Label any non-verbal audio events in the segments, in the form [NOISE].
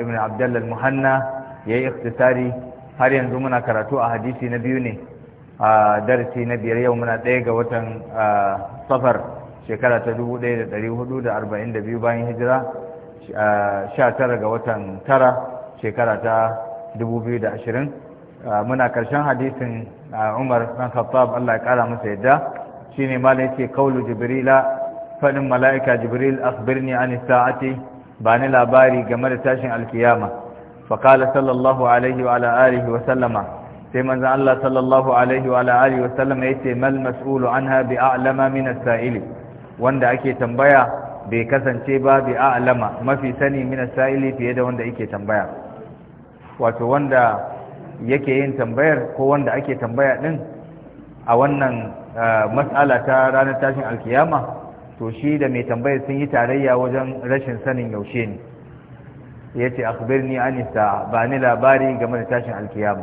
ibn abdullah al-muhanna yayi ikhtisari har yanzu muna karatu a hadisi na biyu ne a darasi na biyar yau muna ɗaya ga watan safar shekara ta 1442 bayan hijira 19 ga watan tara shekara ta 2020 muna karshen hadisin Umar dan Khattab Allah ya kara masa yadda shine malai ce kaulu jibrila fadin malaika jibril akhbirni an sa'ati ba ni labari game da tashin alkiyama faƙala sallallahu alaihi wa alihi wa sallama sai manzan Allah sallallahu alaihi wa alihi wa sallama ya ce mal mas'ulu anha bi a'lama min as-sa'ili wanda ake tambaya bai kasance ba bi a'lama mafi sani min as-sa'ili fiye da wanda yake tambaya wato wanda yake yin tambayar ko wanda ake tambaya din a wannan eh, mas'ala ta ranar tashin alkiyama to shi da mai tambayar sun yi tarayya wajen rashin sanin yaushe ne ya ce akhbirni anisa ba ni labari game da tashin alkiyama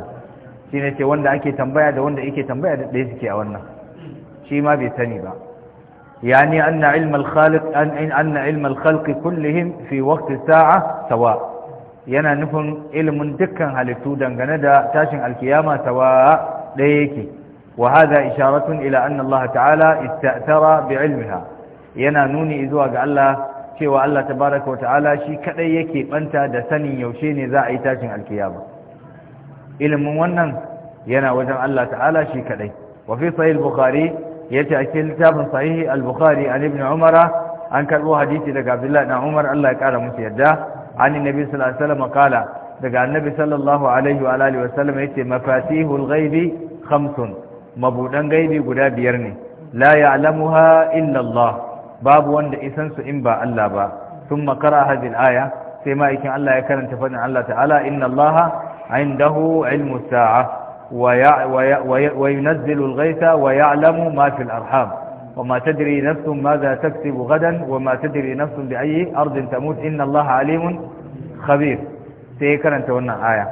shi ne ce wanda ake tambaya da wanda yake tambaya da ɗaya suke a wannan shi ma bai sani ba yani anna ilm al-khaliq an anna kullihim fi waqti sa'a sawa yana nufin ilimin dukkan halittu dangane da tashin alkiyama sawa ɗaya yake wa hadha isharatun ila anna Allah ta'ala istatara bi ilmiha yana nuni zuwa ga Allah cewa Allah tabaraka wa ta'ala shi kadai yake banta da sanin yaushe ne za a yi tashin alkiyama ilimin wannan yana wajen Allah ta'ala shi kadai wa fi sahih al-bukhari yace a cikin littafin sahih al-bukhari an ibn umar an karbo hadisi daga Abdullahi dan Umar Allah ya kara musu yadda an annabi sallallahu alaihi wasallam kala daga annabi sallallahu alaihi wa alihi wasallam yace mafatihul ghaibi khamsun mabudan gaibi guda biyar ne la ya'lamuha illa Allah babu wanda isansu in ba Allah ba sun makara hadin aya sai ma'aikin Allah ya karanta faɗin Allah ta'ala inna Allah indahu ilmu sa'a wa yunazzilu al-ghaytha wa ya'lamu ma fil arham وما تدري نفس ماذا تكسب غدا وما تدري نفس بأي أرض تموت إن الله عليم خبير سيكرا تونا آية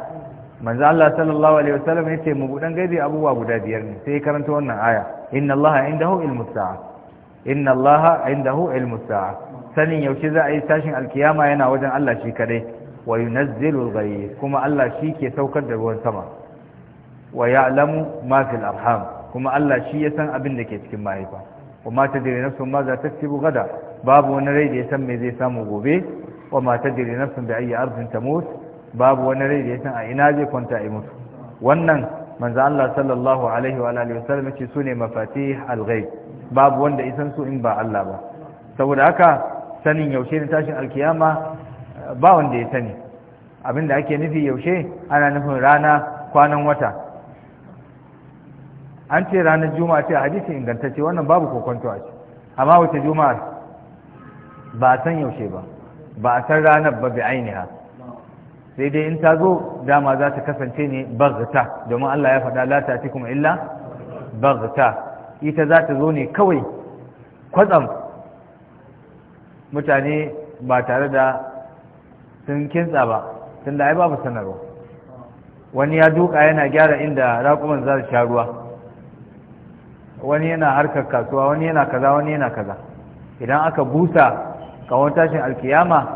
من الله صلى الله عليه guda biyar مبودن غيبي أبو أبو دابيرني سيكرا تونا آية إن الله عنده المستعد inna allaha indahu ilmu sa'a sanin yaushe za a yi tashin alkiyama yana wajen Allah shi kadai wa yunazzilu al kuma Allah shi ke saukar da ruwan sama wa ya'lamu ma fil arham kuma Allah shi ya san abin da ke cikin mahaifa wa ma tadri nafsun ma za taktubu gada babu wani rai da ya san me zai samu gobe wa ma tadri nafsun bi ayyi ardin tamut babu wani rai da ya san a ina zai kwanta a mutu wannan manzo Allah sallallahu alaihi wa alihi wasallam ce sune mafatih al-ghaib babu wanda isan su in ba Allah ba saboda haka sanin yaushe ne tashin alkiyama ba wanda ya sani abinda ake nufi yaushe ana nufin rana kwanan wata an ce ranar juma'a ce a hadisi ingantacce wannan babu kokonto a ce amma wace juma'a ba a san yaushe ba ba a san ranar ba bi ainiha sai dai in ta zo dama za ta kasance ne bazata domin Allah ya faɗa la ta illa bazata ita za ta zo ne kawai kwatsam mutane ba tare da sun kintsa ba tun da ai babu sanarwa wani ya duka yana gyara inda rakuman za su sha ruwa wani yana harkar kasuwa wani yana kaza wani yana kaza idan aka busa kawon tashin alkiyama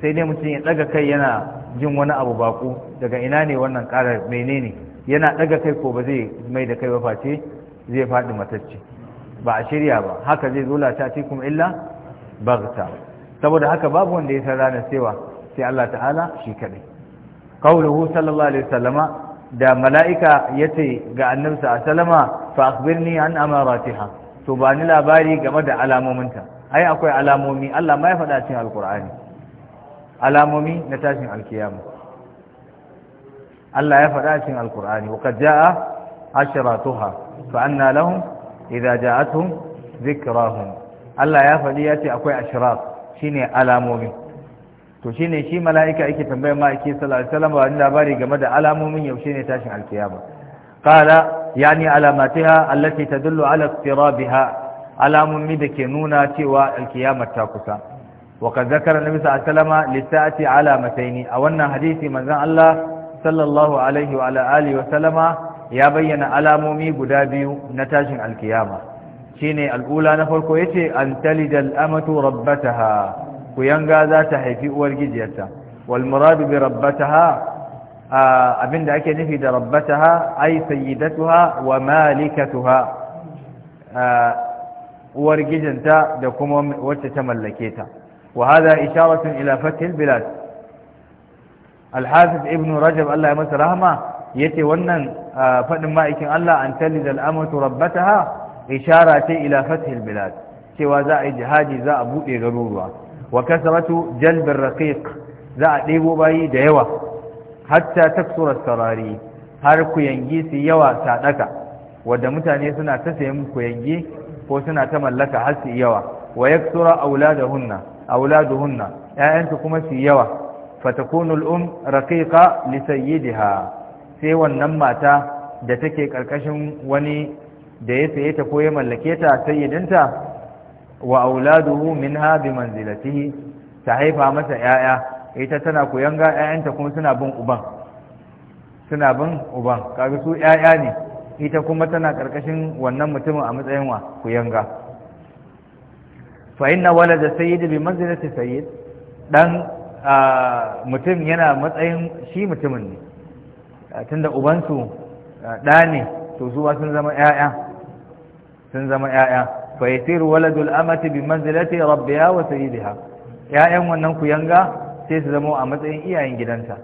sai dai mutum ya daga kai yana jin wani abu baku daga ina ne wannan ƙarar menene yana daga kai ko ba zai mai da kai ba face zai faɗi matacce ba a shirya ba haka zai zola ta ce kuma illa bagta saboda haka babu wanda ya san ranar sewa sai Allah ta'ala shi kaɗai qawluhu sallallahu alaihi wasallama da mala'ika yace ga a sallama fa akhbirni an amaratiha to ba ni labari game da alamominta ai akwai alamomi Allah ma ya faɗa cikin alqur'ani alamomi na tashin alkiyama Allah ya faɗa cikin alqur'ani wa qad jaa ashratuha fa anna lahum idza ja'atuhum dhikrahum Allah ya faɗi ya ce akwai ashrat shine alamomi to shine shi mala'ika yake tambayar ma'aiki sallallahu alaihi wasallam wani labari game da alamomin yaushe ne tashin alkiyama qala yani alamatiha allati tadullu ala iqtirabiha alamomi da ke nuna cewa alkiyamar ta kusa wa kad zakara nabi sallallahu alaihi wasallam lisa'ati alamataini a wannan hadisi manzon Allah sallallahu alaihi wa ala alihi wa sallama ya bayyana alamomi guda biyu na tashin alkiyama shine al'ula na farko yace an talidal amatu rabbataha ku yanga za ta haifi uwar gijiyarta wal bi rabbataha abinda ake nufi da rabbataha ay sayyidatuha wa malikatuha uwar gijinta da kuma wacce ta mallake ta wa hada isharatun ila fathil bilad al-hafiz rajab Allah ya rahma yace wannan faɗin ma'aikin Allah an talid al'amatu rabbataha ishara ce ila fathil bilad cewa za a yi jihadi za a buɗe garuruwa wa kasratu jalbin raqiq za a ɗebo bayi da yawa hatta taksura saurari, har kuyangi su yawa saɗaka. Wadda mutane suna ta sayan kuyangi ko suna ta mallaka har su yawa wa yaksura auladuhunna auladuhunna Ya'yanta kuma su yawa fatakunul um raqiqa da sayyidiha sai wannan mata da take karkashin wani da ya saye ta ko ya mallake ta sayyidinta wa auladuhu minha bi manzilatihi ta haifa masa yaya ita tana koyan ga yayanta kuma suna bin uban suna bin uban kaga su yaya ne ita kuma tana karkashin wannan mutumin a matsayin wa kuyanga fa inna walada sayyid bi manzilati sayyid dan mutum yana matsayin shi mutumin ne tunda ubansu ɗa ne to su sun zama ƴaƴa sun zama ƴaƴa fa yasiru waladul amati bi manzilati rabbiha wa sayyidiha ƴaƴan wannan ku yanga sai su zama a matsayin iyayen gidanta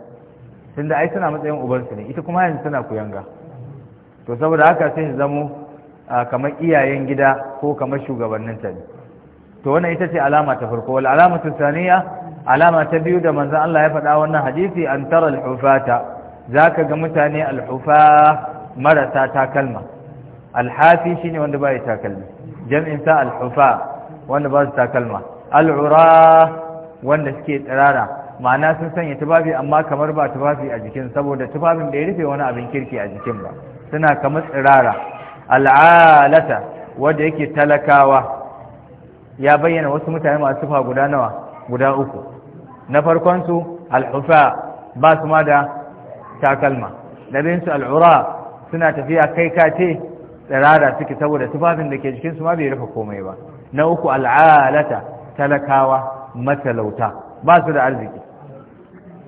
tunda ai suna matsayin ubansu ne ita kuma yanzu suna ku yanga to saboda haka sai su zamo kamar iyayen gida ko kamar shugabannin ta ne to wannan ita ce alama ta farko wal alamatu saniya alama ta biyu da manzon Allah ya faɗa wannan hadisi an tara al-hufata za ka ga mutane alhufa marasa takalma alhafi shi ne wanda ba ya takalma sa alhufa wanda ba su takalma al'ura wanda suke tsirara ma'ana sun sanya tufafi amma kamar ba tufafi a jikin saboda tufafin da ya rufe wani abin kirki a jikin ba suna kamar tsirara al'alata wanda yake talakawa ya bayyana wasu mutane masu tufa guda nawa guda uku na farkonsu alhufa ba su ma da takalma su al'ura suna tafiya kai kace tsirara suke saboda tufafin da ke jikinsu ma bai rufe komai ba na uku al'alata talakawa matalauta ba su da arziki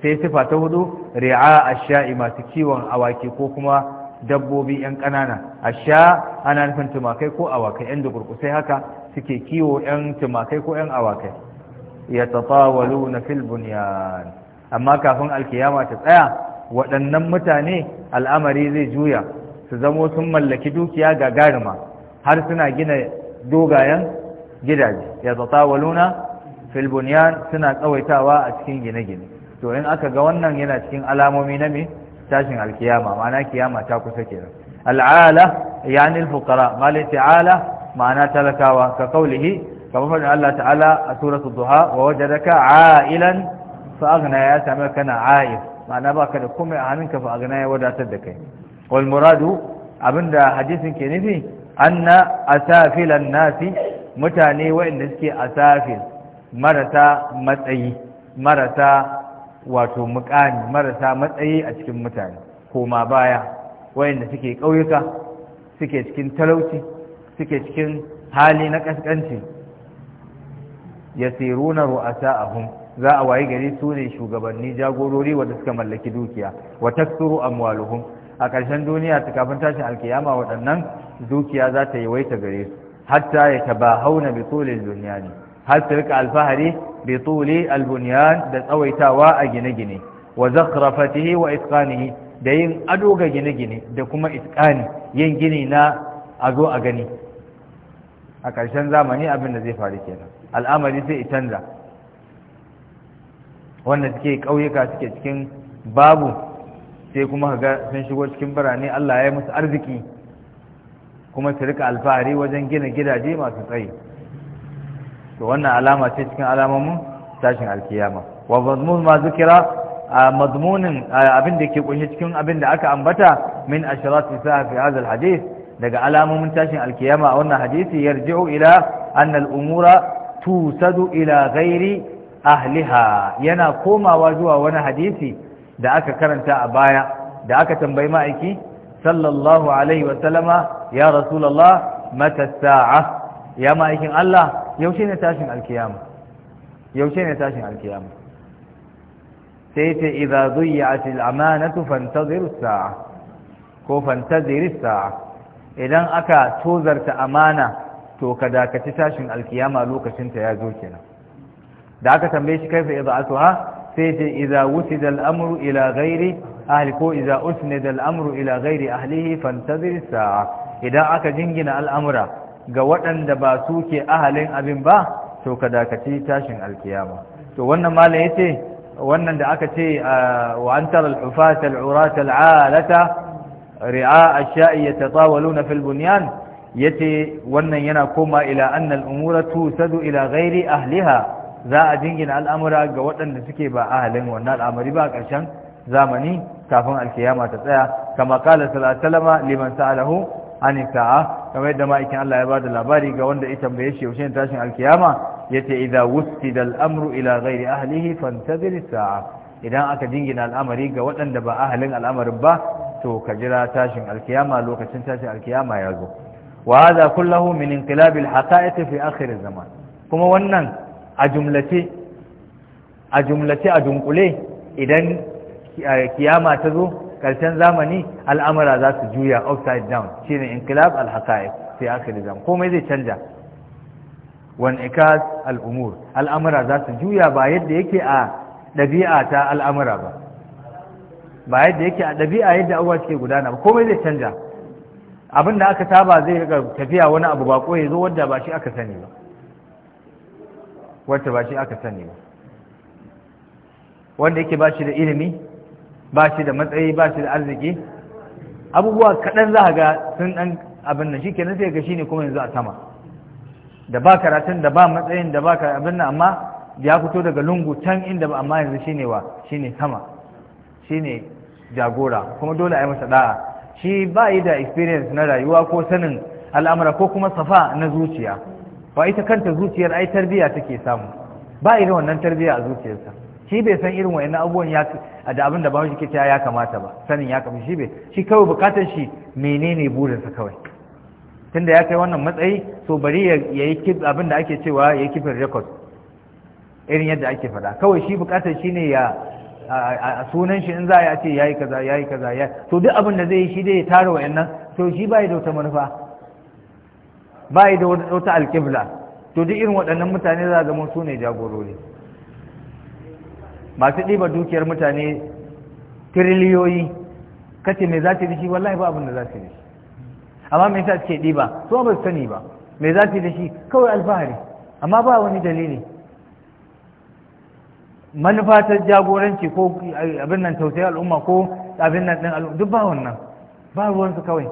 sai sifa ta hudu ri'a asha'i masu kiwon awaki ko kuma dabbobi 'yan ƙanana a ana nufin tumakai ko awakai 'yan da haka suke kiwo 'yan tumakai ko 'yan awakai ya tafawalu na filbunyan amma kafin alkiyama ta tsaya waɗannan mutane al'amari zai juya su zamo sun mallaki dukiya gagarima har suna gina dogayen gidaje ya zata waluna bunyan suna tsawaitawa a cikin gine-gine to in aka ga wannan yana cikin alamomi na mai tashin alkiyama ma'ana kiyama ta kusa kenan al'ala yani al-fuqara malati ma'ana talakawa ka kaulihi kamar fadin Allah ta'ala a suratul duha wa wajadaka a'ilan su aghna ya sami kana a'if ma'ana baka da komai a hannunka fa agana ya wadatar da kai wal muradu abinda hadisin ke nufi an anna asafilan nasi mutane waɗanda suke asafil marasa matsayi marasa wato mukani marasa matsayi a cikin mutane koma baya waɗanda suke ƙauyuka suke cikin talauci suke cikin hali na ƙasƙanci yasiruna ru'asa'ahum za a wayi gari su ne shugabanni jagorori wanda suka mallaki dukiya wa taksuru amwaluhum a ƙarshen duniya ta kafin tashin alkiyama waɗannan dukiya za ta yi yawaita gare su hatta ya tabahauna bi duniya ne. har ta rika alfahari bi tuli albunyan da tsawaitawa a gine-gine wa zakhrafatihi wa itqanihi da yin ado ga gine-gine da kuma itqani yin gini na a zo a gani a ƙarshen zamani abin da zai faru kenan al'amari sai canza wanda suke ƙauyuka suke cikin babu sai kuma ga sun shigo cikin birane Allah ya musu arziki kuma su rika alfahari wajen gina gidaje masu tsayi to wannan alama ce cikin alamomin tashin alkiyama wa mazmun ma zikira a mazmunin abin da ke kunshi cikin abin da aka ambata min asharat isa fi hadha alhadith daga alamomin tashin alkiyama a wannan hadisi yarji'u ila anna al-umura tusadu ila ghairi ahliha yana komawa zuwa wani hadisi da aka karanta a baya da aka tambayi ma'aiki sallallahu alaihi wa sallama ya rasulullah mata sa'a ya ma'aikin Allah yaushe ne tashin alkiyama yaushe ne tashin alkiyama sai ce idza dhiyat al-amanatu fantazir as-sa'a ko fantazir saa idan aka tozarta amana to ka dakaci tashin alkiyama lokacin ta ya zo kenan da aka tambaye shi kaifa ida'atuha sai ce idza wusida al-amru ila ghairi ahli ko idza usnida al-amru ila ghairi ahlihi fantazir sa'a idan aka jingina al'amura ga waɗanda ba su ke ahalin abin ba to ka dakaci tashin alkiyama to wannan yace wannan da aka ce wa an tara al-hufat al-urat al-alata ri'a ash yatatawaluna fil bunyan yace wannan yana koma ila anna al-umura tusadu ila ghairi ahliha za a jingina al'amura ga waɗanda suke ba ahalin wannan al'amari ba a ƙarshen zamani kafin alkiyama ta tsaya kama kala salama liman sa'alahu an sa'a kamar yadda ma'aikin Allah ya ba da labari ga wanda ita tambaye shi yaushe tashin alkiyama ya ce idan wusti da al'amru ila gairi ahalihi fantazir sa'a idan aka jingina al'amari ga waɗanda ba ahalin al'amarin ba to ka jira tashin alkiyama lokacin tashin alkiyama ya zo wa hadha kullahu min inqilabil haqa'iq fi akhir zaman kuma wannan a jumlace a jumlace a dunkule idan eh, kiyama ta zo karshen zamani al'amura za su juya upside down shine inqilab al sai aka da zama komai zai canja wani ikas al-umur al'amura za su juya ba yadda yake a ɗabi'a ta al'amura ba ba yadda yake a ɗabi'a yadda abuwa suke gudana ba komai zai canja abin da aka saba zai tafiya wani abu ba ko ya zo wanda ba shi aka sani ba wacce ba shi aka sani ba wanda yake ba shi da ilimi ba shi da matsayi ba shi da arziki abubuwa kaɗan za a ga sun ɗan abin nan shi kenan sai ga shi ne kuma yanzu a sama da ba karatun da ba matsayin da ba abin nan amma ya fito daga lungu can inda ba amma yanzu shine wa shine sama shine jagora kuma dole a yi masa da'a shi ba yi da experience na rayuwa ko sanin al'amura ko kuma safa na zuciya ba ita kanta zuciyar ai tarbiya take samu ba irin wannan tarbiya a zuciyarsa shi bai san irin wayannan abubuwan ya da abin da ba ke cewa ya kamata ba sanin ya kamata shi bai shi kawai bukatar shi menene burinsa kawai tunda ya kai wannan matsayi so bari ya yi abin da ake cewa ya yi kifin rekod irin yadda ake faɗa kawai shi bukatar shi ne ya a sunan shi in za a ce ya yi kaza ya yi kaza ya to duk abin da zai yi shi dai ya tara nan to shi ba ya da wata manufa ba yi da wata alƙibla to duk irin waɗannan mutane za zama su ne jagorori masu ɗiba dukiyar mutane tiriliyoyi kace me za ta da shi wallahi ba abin da za ta yi, amma me yasa suke ɗiba su ba su sani ba me za ta da shi kawai alfahari amma ba wani dalili manufa ta jagoranci ko eh, abin nan tausayi al'umma ko abin nan ɗin al'umma duk ba wannan ba ruwansu kawai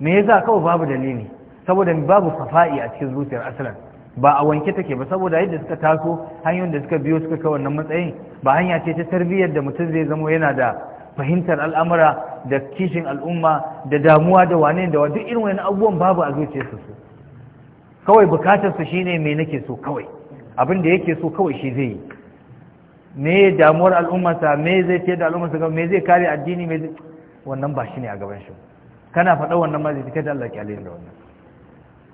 me yasa kawai babu dalili saboda babu safa'i a cikin zuciyar asalan ba a wanke take ba saboda yadda suka taso hanyoyin da suka biyo suka kai wannan matsayin ba hanya ce ta tarbiyyar da mutum zai zamo yana da fahimtar al'amura da kishin al'umma da damuwa da wane da wa duk irin wani abubuwan babu a zuciyarsu su kawai su shine me nake so kawai abin da yake so kawai shi zai yi me damuwar al'ummarsa me zai ce da al'ummarsa me zai kare addini me wannan ba shi ne a gaban shi kana faɗa wannan ma zai da Allah kyale da wannan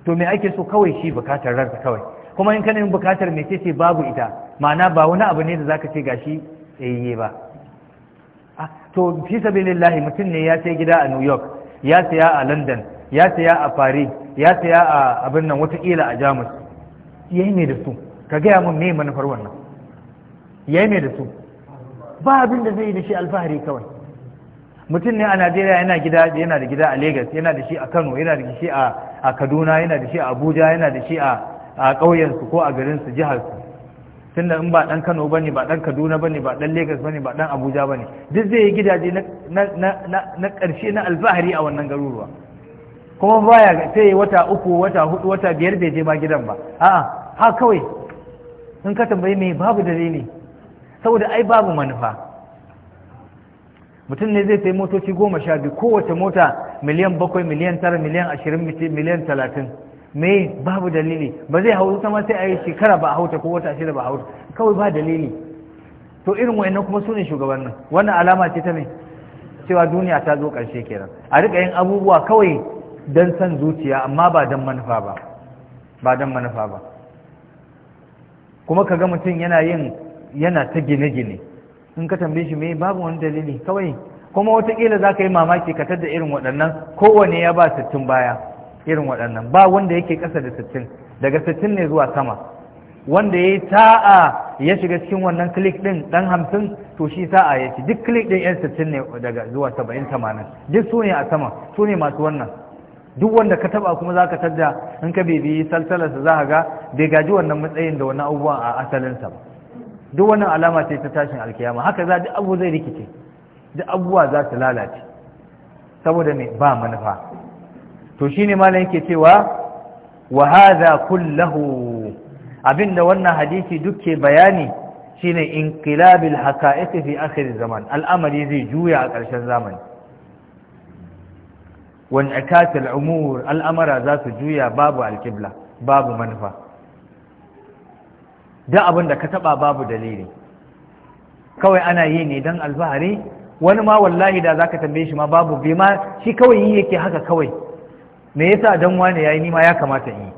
to me ake so kawai shi bukatar ranka kawai kuma in kana yin bukatar me ce babu ita ma'ana ba wani abu ne da zaka ce gashi tsayayye ba ah, to fi sabilillahi mutum ne ya sai gida a New York ya saya a London ya saya a Paris ya saya a abin nan watakila a Jamus yayi ne da su ka gaya mun me manufar wannan yayi ne da su ba abin da zai yi da shi alfahari kawai mutum ne a najeriya yana gida yana da gida a Legas yana da shi a kano yana da shi a kaduna yana da shi a abuja yana da shi a ƙauyensu ko a garinsu jiharsu tunda in ba ɗan kano bane ba ɗan kaduna bane ba ɗan lagos bane ba ɗan abuja bane duk zai yi gidaje na ƙarshe na alfahari a wannan garuruwa kuma baya sai wata uku wata hudu wata biyar bai je ma gidan ba a'a ha kawai in ka tambayi me babu dalili saboda ai babu manufa mutum ne zai sai motoci goma sha biyu kowace mota miliyan bakwai miliyan tara miliyan ashirin miliyan talatin me babu dalili ba zai hau sama sai a yi shekara ba a hauta ko wata shida ba a hauta kawai ba dalili to irin wayannan kuma su ne shugabannin wannan alama ce ta me cewa duniya ta zo ƙarshe kenan a riƙa yin abubuwa kawai don son zuciya amma ba don manufa ba ba don manufa ba kuma kaga mutum yana yin yana ta gine-gine in ka tambaye shi me babu wani dalili kawai kuma watakila za ka yi mamaki ka tadda irin waɗannan kowane ya ba sittin baya irin waɗannan ba wanda yake ƙasa da sittin daga sittin ne zuwa sama wanda ya yi ta'a ya shiga cikin wannan klik ɗin ɗan hamsin to shi ta'a ya ci duk klik ɗin 'yan sittin ne daga zuwa saba'in tamanin duk su ne a sama su ne masu wannan duk wanda ka taba kuma za ka tadda in ka bibiyi salsalarsa za ka ga bai gaji wannan matsayin da wani abubuwan a asalinsa ba duk wannan alama ce ta tashin alkiyama haka za duk abu zai rikice duk abubuwa za su lalace saboda me ba manufa to shine malam yake cewa wa hadha kullahu abinda wannan hadisi duke bayani shine inqilabil haqa'iq fi akhir zaman al'amari zai juya a ƙarshen zamani wan akatil umur al'amara za su juya babu alkibla, babu manufa duk abin da ka taba babu dalili kawai ana yi ne don alfahari wani ma wallahi da zaka tambaye shi ma babu bai ma shi kawai yi yake haka kawai me yasa dan wani yayi ni ma ya kamata yi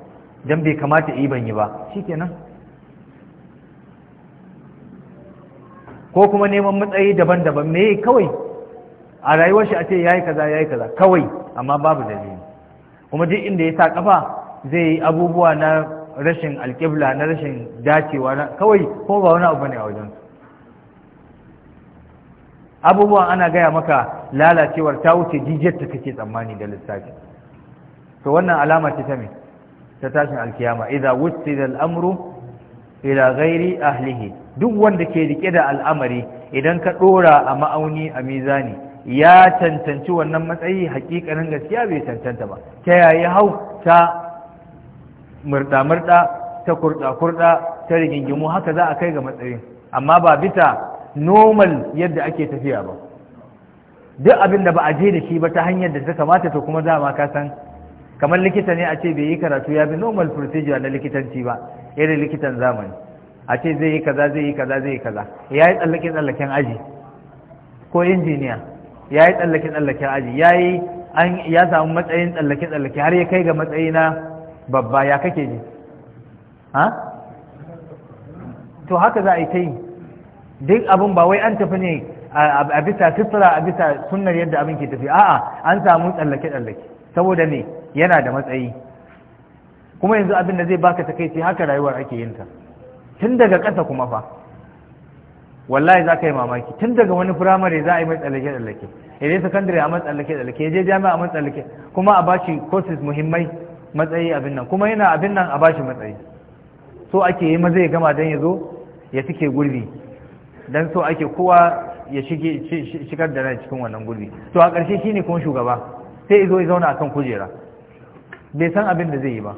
dan bai kamata yi ban yi ba shikenan ko kuma neman matsayi daban-daban me kawai a rayuwar shi a ce yayi kaza yayi kaza kawai amma babu dalili kuma duk inda ya sa kafa zai yi abubuwa na rashin alƙibla na rashin dacewa na kawai ko ba wani abu ne a wajen abubuwan ana gaya maka lalacewar ta wuce jijiyar ta kake tsammani da lissafi to wannan alama ce ta me ta tashin alkiyama idza wussida al'amru ila ghairi ahlihi duk wanda ke rike da al'amari idan ka dora a ma'auni a mizani ya tantanci wannan matsayi hakikanin gaskiya bai tantanta ba ta yayi hau ta murda-murda ta kurda-kurda ta rigingimu haka za a kai ga matsayin amma ba bita normal yadda ake tafiya ba duk abin da ba a je da shi ba ta hanyar da ta kamata to kuma za ma ka san kamar likita ne a ce bai yi karatu ya bi normal procedure na likitanci ba irin likitan zamani a ce zai yi kaza zai yi kaza zai yi kaza ya yi tsallake tsallaken aji ko injiniya ya yi tsallake tsallaken aji ya yi ya samu matsayin tsallake tsallake har ya kai ga matsayi na babba ya kake ji ha to haka za a yi ta yi duk abin ba wai an tafi ne a bisa fitra a bisa sunnar yadda abin ke tafi a'a an samu tsallake tsallake saboda ne yana da matsayi kuma yanzu abin da zai baka takaici haka rayuwar ake yin ta tun daga ƙasa kuma fa wallahi za ka yi mamaki tun daga wani firamare za a yi mai tsallake tsallake ya je sakandare a matsallake tsallake ya je jami'a a matsallake kuma a bashi courses muhimmai matsayi abin nan kuma yana abin nan a bashi matsayi so ake yi maza ya gama don ya zo ya cike gurbi don so ake kowa ya shigar da rai cikin wannan gurbi to a ƙarshe shine kuma shugaba sai ya zo ya zauna akan kujera bai san abin da zai yi ba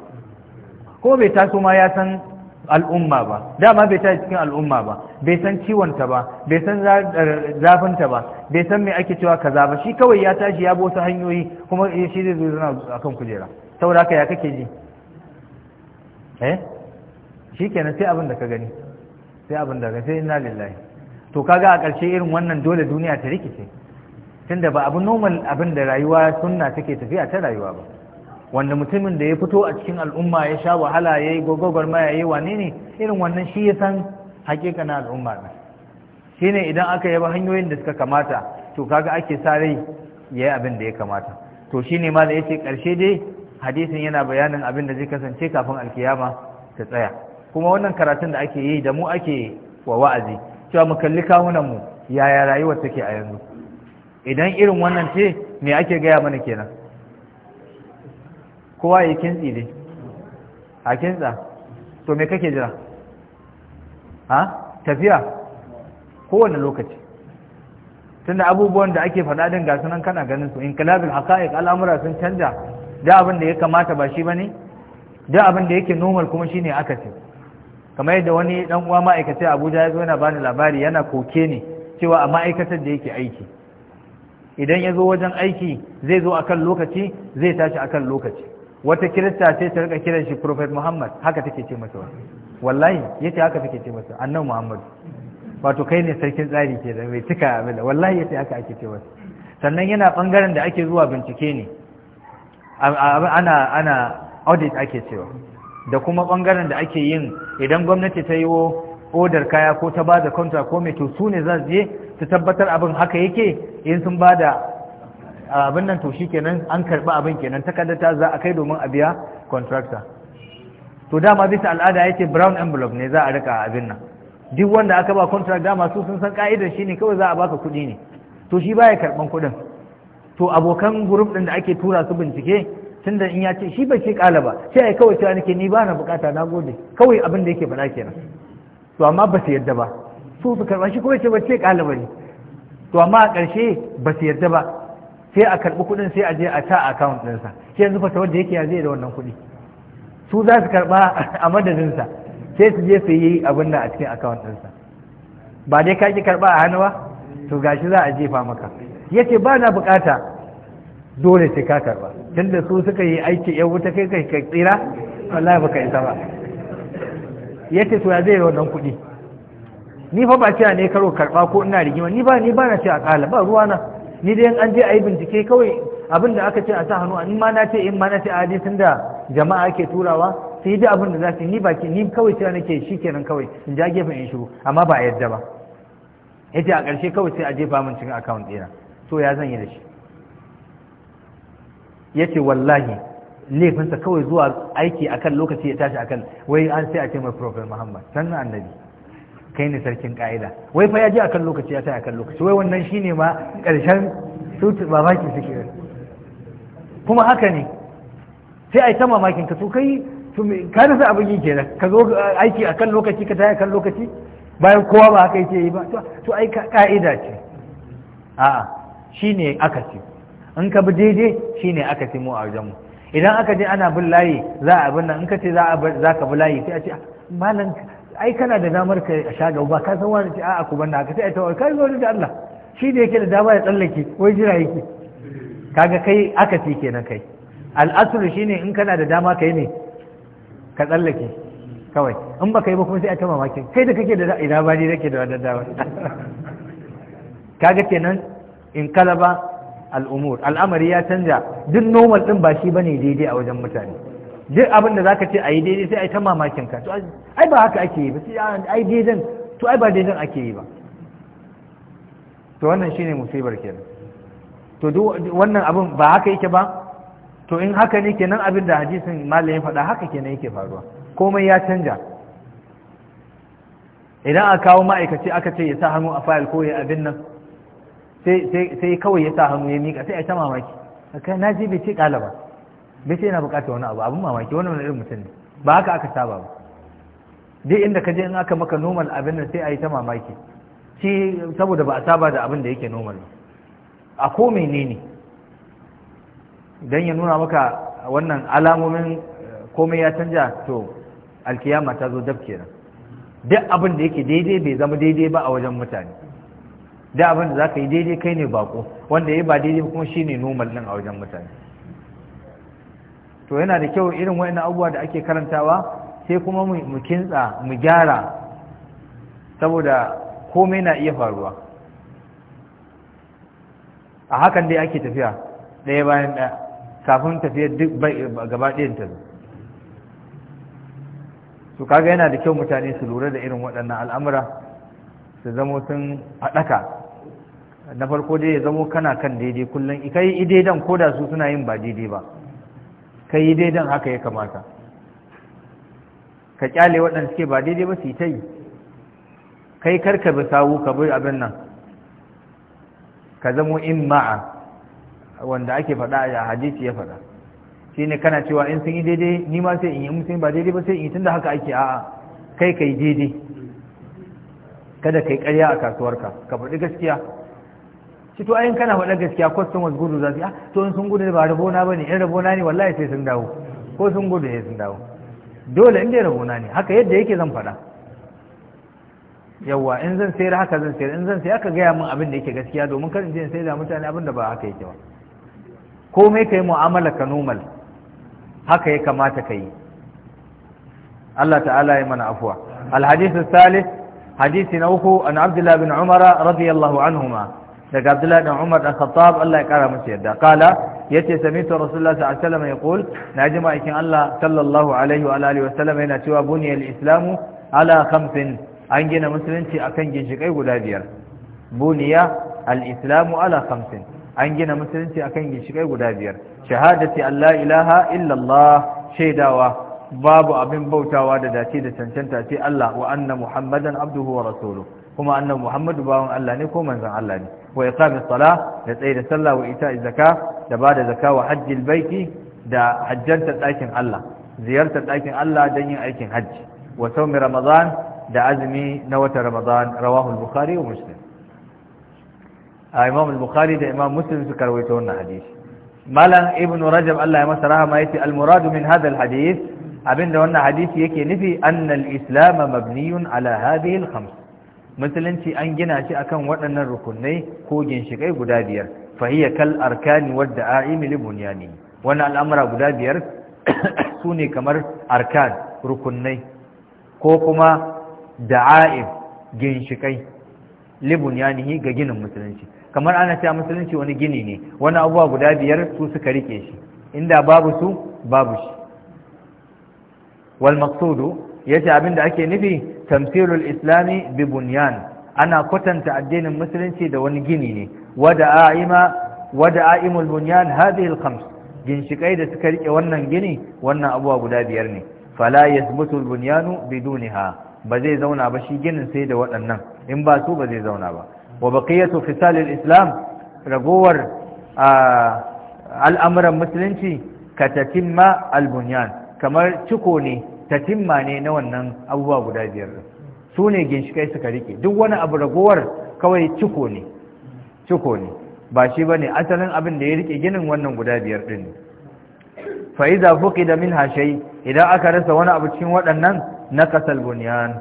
ko bai taso ma ya san al'umma ba dama bai tashi cikin al'umma ba bai san ciwonta ba bai san er, zafinta ba bai san me ake cewa kaza ba shi kawai ya tashi ya bi wasu hanyoyi kuma shi zai zo a akan kujera saboda haka ya kake ji eh shi kenan sai abin da ka gani sai abin da sai inna lillahi to kaga a ƙarshe irin wannan dole duniya ta rikice tunda ba abin normal abin da rayuwa sunna take tafiya ta rayuwa ba wanda mutumin da ya fito a cikin al'umma ya sha wahala ya yi gogogar maya ya yi wane ne irin wannan shi ya san hakika na al'umma ne shi ne idan aka yaba hanyoyin da suka kamata to kaga ake sa rai ya yi abin da ya kamata to shi ne ma da ya ce ƙarshe dai hadisin yana bayanin abin da zai kasance kafin alkiyama ta tsaya kuma wannan karatun da ake yi da mu ake wa wa'azi cewa mu kalli kawunan mu yaya rayuwar take a yanzu idan irin wannan ce me ake gaya mana kenan kowa ya kintsi ne. a kintsa to me kake jira ha tafiya kowane lokaci tunda abubuwan da ake faɗa din ga sunan kana ganin su inqilabul haqa'iq al'amura sun canja da abin da ya kamata ba shi ba ne. da abin da yake normal kuma shine akasi kamar yadda wani dan uwa ma'aikaci Abuja ya zo yana bani labari yana koke ne cewa a ma'aikatar da yake aiki idan ya zo wajen aiki zai zo akan lokaci zai tashi akan lokaci wata kirista ce ta rika kiran shi prophet Muhammad haka take ce masa wallahi yace haka take ce masa annan Muhammad wato kai ne sarkin tsari ke da mai cika wallahi yace haka ake ce masa sannan yana bangaren da ake zuwa bincike ne ana ana audit ake cewa da kuma bangaren da ake yin idan gwamnati ta yi odar kaya ko ta bada da ko mai to su ne za su je su tabbatar abin haka yake in sun ba da abin nan to shi kenan an karɓi abin kenan takardata za a kai domin a biya contractor to dama bisa al'ada yake brown envelope ne za a rika abin nan duk wanda aka ba contract dama su sun san ka'idar shi ne kawai za a baka kuɗi ne to shi baya karɓan kuɗin to abokan group din da ake tura su bincike tunda in ya ce shi bai ce kala ba sai ai kawai cewa nake ni ba na bukata na gode kawai abin da yake faɗa kenan to amma ba su yadda ba su su karɓa shi kawai ce ba ce kala ba ne to amma a ƙarshe ba su yadda ba sai a karɓi kuɗin sai a je a ta account ɗinsa sai yanzu fata wanda yake ya zai da wannan kuɗi su za su karɓa [LAUGHS] a madadinsa sai su je su yi abin da a cikin account ɗinsa ba dai ka ki karɓa a hannu ba to gashi za a jefa maka yace ba na bukata dole sai ka karba tunda su suka yi aiki yan wuta kai kai ka tsira wallahi baka isa ba yace to ya zai wannan kudi ni fa ba cewa ne karo karba ko ina rigima ni ba ni ba na ce a kala ba ruwa na ni dai an je a yi bincike kawai abin da aka ce a sa hannu in ma na ce in ma na ce a hadisin da jama'a ke turawa sai dai abin da za su ni baki ni kawai cewa nake shikenan kawai in ja gefen in shiru amma ba a yadda ba yace a ƙarshe kawai sai a jefa min cikin account ɗina to ya zan yi da shi ya ce wallahi laifinsa kawai zuwa aiki akan lokaci ya tashi akan wai an sai a ce mai profil muhammad sannan annabi kai ne sarkin ka'ida wai fa ya je akan lokaci ya tashi akan lokaci wai wannan shine ma karshen su mamaki suke kuma haka ne sai a yi ta mamakin ka su kai ka rasa abin yi kenan ka zo aiki akan lokaci ka tashi akan lokaci bayan kowa ba haka yake yi ba to ai ka'ida ce a'a Shi aka akasi in ka bi daidai shi aka akasi mu a wajenmu idan aka je ana bin layi za a abin nan in ka ce za ka bi layi sai a ce malam ai kana da damar ka sha gaba ka san wani ce a ku banna haka sai a tawar oh, kai zo da Allah shi ne yake da dama ya tsallake wai jira yake kaga kai aka ce kenan kai shi ne in kana da dama kai ne ka tsallake kawai in baka yi ba kuma sai a ta mamakin kai da kake da ina ba ni nake da wannan dama [LAUGHS] kaga kenan in kalaba al'umur al'amari ya canja duk normal din ba shi bane daidai a wajen mutane duk abin da zaka ce ayi daidai sai ai ta mamakin ka to ai ba haka ake yi ba sai ah, ai daidan to ai ba daidan ake yi ba to wannan shine musibar kenan to duk wannan abin ba haka yake ba to in haka ne kenan abin da hadisin malamin faɗa haka kenan yake faruwa komai ya canja idan a kawo ma'aikaci aka ce ya sa hannu a fayil ko ya abin nan sai kawai ya sa hannu ya miƙa sai a ta mamaki kai na ji bai ce ƙala ba bai ce yana buƙatar wani abu abin mamaki wani wani irin mutum ne ba haka aka saba ba duk inda ka je in aka maka normal abin nan sai a yi ta mamaki shi saboda ba a saba da abin da yake normal a ko menene don ya nuna maka wannan alamomin eh, komai ya canja to alkiyama ta zo dab kenan duk abin da yake daidai bai zama daidai ba a wajen mutane da abin da za ka yi daidai kai ne bako wanda ya ba daidai kuma shi ne nomal ɗin a wajen mutane to yana da kyau irin wa'in abubuwa da ake karantawa sai kuma mu kintsa mu gyara saboda komai na iya faruwa a hakan dai ake tafiya ɗaya bayan ɗaya kafin tafiyar duk gaba ɗayan ta su kaga yana da kyau mutane su lura da irin waɗannan al'amura su zama sun haɗaka na farko dai ya zamo kana kan daidai kullum kai idaidan ko da su suna yin ba daidai ba kai idaidan haka ya kamata ka kyale waɗanda suke ba daidai ba su yi ta yi yi karka bi sawu ka bi abin nan ka zamo in ma'a wanda ake faɗa a hadisi ya faɗa shi ne kana cewa in sun yi daidai ni ma sai in yi musulmi ba daidai ba sai in yi tunda haka ake a'a kai kai daidai kada kai karya a kasuwarka ka faɗi gaskiya shi to ayin kana faɗa gaskiya wasu gudu za su yi ah, to in sun gudu ba rabona ba ne in rabona ne wallahi sai sun dawo ko sun gudu sai sun dawo dole in dai rabona ne haka yadda yake zan faɗa yawwa in zan sayar haka zan sayar in zan sayar haka gaya min abin da yake gaskiya domin kar in je in sayar da mutane abin da ba haka yake ba komai ka yi mu'amala ka normal haka ya kamata ka yi Allah ta'ala ya mana afuwa الحديث الثالث حديث نوح عن عبد الله بن عمر رضي الله عنهما daga Abdullahi dan Umar dan Khattab Allah ya kara masa yadda kala yace sami'tu Rasulullah sallallahu alaihi wasallam yaqul naji ma'aikin Allah sallallahu alaihi wa alihi wasallam yana cewa buniyal islamu ala khamsin an gina musulunci akan ginshikai guda biyar buniya al'islamu ala kamfin an gina musulunci akan ginshikai guda biyar shahadati Allah ilaha illallah shaidawa babu abin bautawa da dace da cancanta ce Allah wa anna muhammadan abduhu wa rasuluhu kuma annabi muhammadu bawan Allah ne ko manzon Allah ne wa iqamis sala da tsaye da sallah wa ita'iz zaka da bada zaka wa hajjil baiti da hajjanta ɗakin Allah ziyartar ɗakin Allah don yin aikin hajji wa saumi ramadan da azumi na watan ramadan rawahu al-bukhari wa muslim a imam al-bukhari da imam muslim malam ibn rajab Allah ya masa rahama yace al min hadha al abinda wannan hadisi yake nufi anna al-islam mabniyun ala hadhihi musulunci an gina shi akan waɗannan rukunai ko ginshiƙai guda biyar fahiyar kal arkani wadda a'imi li bunyani wani al'amura guda biyar [COUGHS] su ne kamar arkan rukunai ko kuma da'a'im ginshikai li ga ginin musulunci kamar ana cewa musulunci wani gini ne wani abuwa guda biyar su suka rike shi inda babu su babu shi wal ce abin abinda ake nufi tamthilul islami bi bunyan ana kwatanta addinin musulunci da wani gini ne wada aimul bunyan hadhihi al-khams ginshikai da suka rike wannan gini wannan abuwa guda biyar ne fala yathbutu al-bunyanu bidunha ba zai zauna ba shi ginin sai da waɗannan in ba su ba zai zauna ba wa baqiyatu fisal al-islam ragowar al'amuran musulunci katatimma al-bunyan kamar ciko ne tatimma ne na wannan abubuwa guda biyar su ne ginshikai suka rike duk wani abu ragowar kawai ciko ne ciko ne ba shi ba ne asalin abin da ya rike ginin wannan guda biyar ɗin fa'iza fuki da min hashai idan aka rasa wani abu cikin waɗannan na kasal buniyan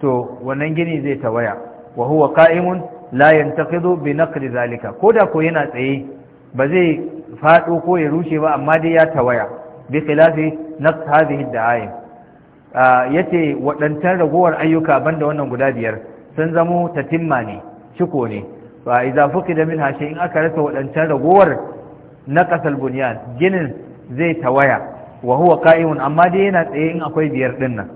to wannan gini zai tawaya wa huwa qa'imun la yantaqidu bi naqdi zalika da ko yana tsaye ba zai faɗo ko ya rushe ba amma dai ya tawaya bi khilafi naqd hadhihi da'aim yace waɗancan ragowar ayyuka banda wannan guda biyar sun zamo tatimma ne ciko ne fa idza fuqida minha in aka rasa waɗancan ragowar na ƙasar bunyan ginin zai tawaya wa huwa qa'imun amma dai yana tsaye in akwai biyar din nan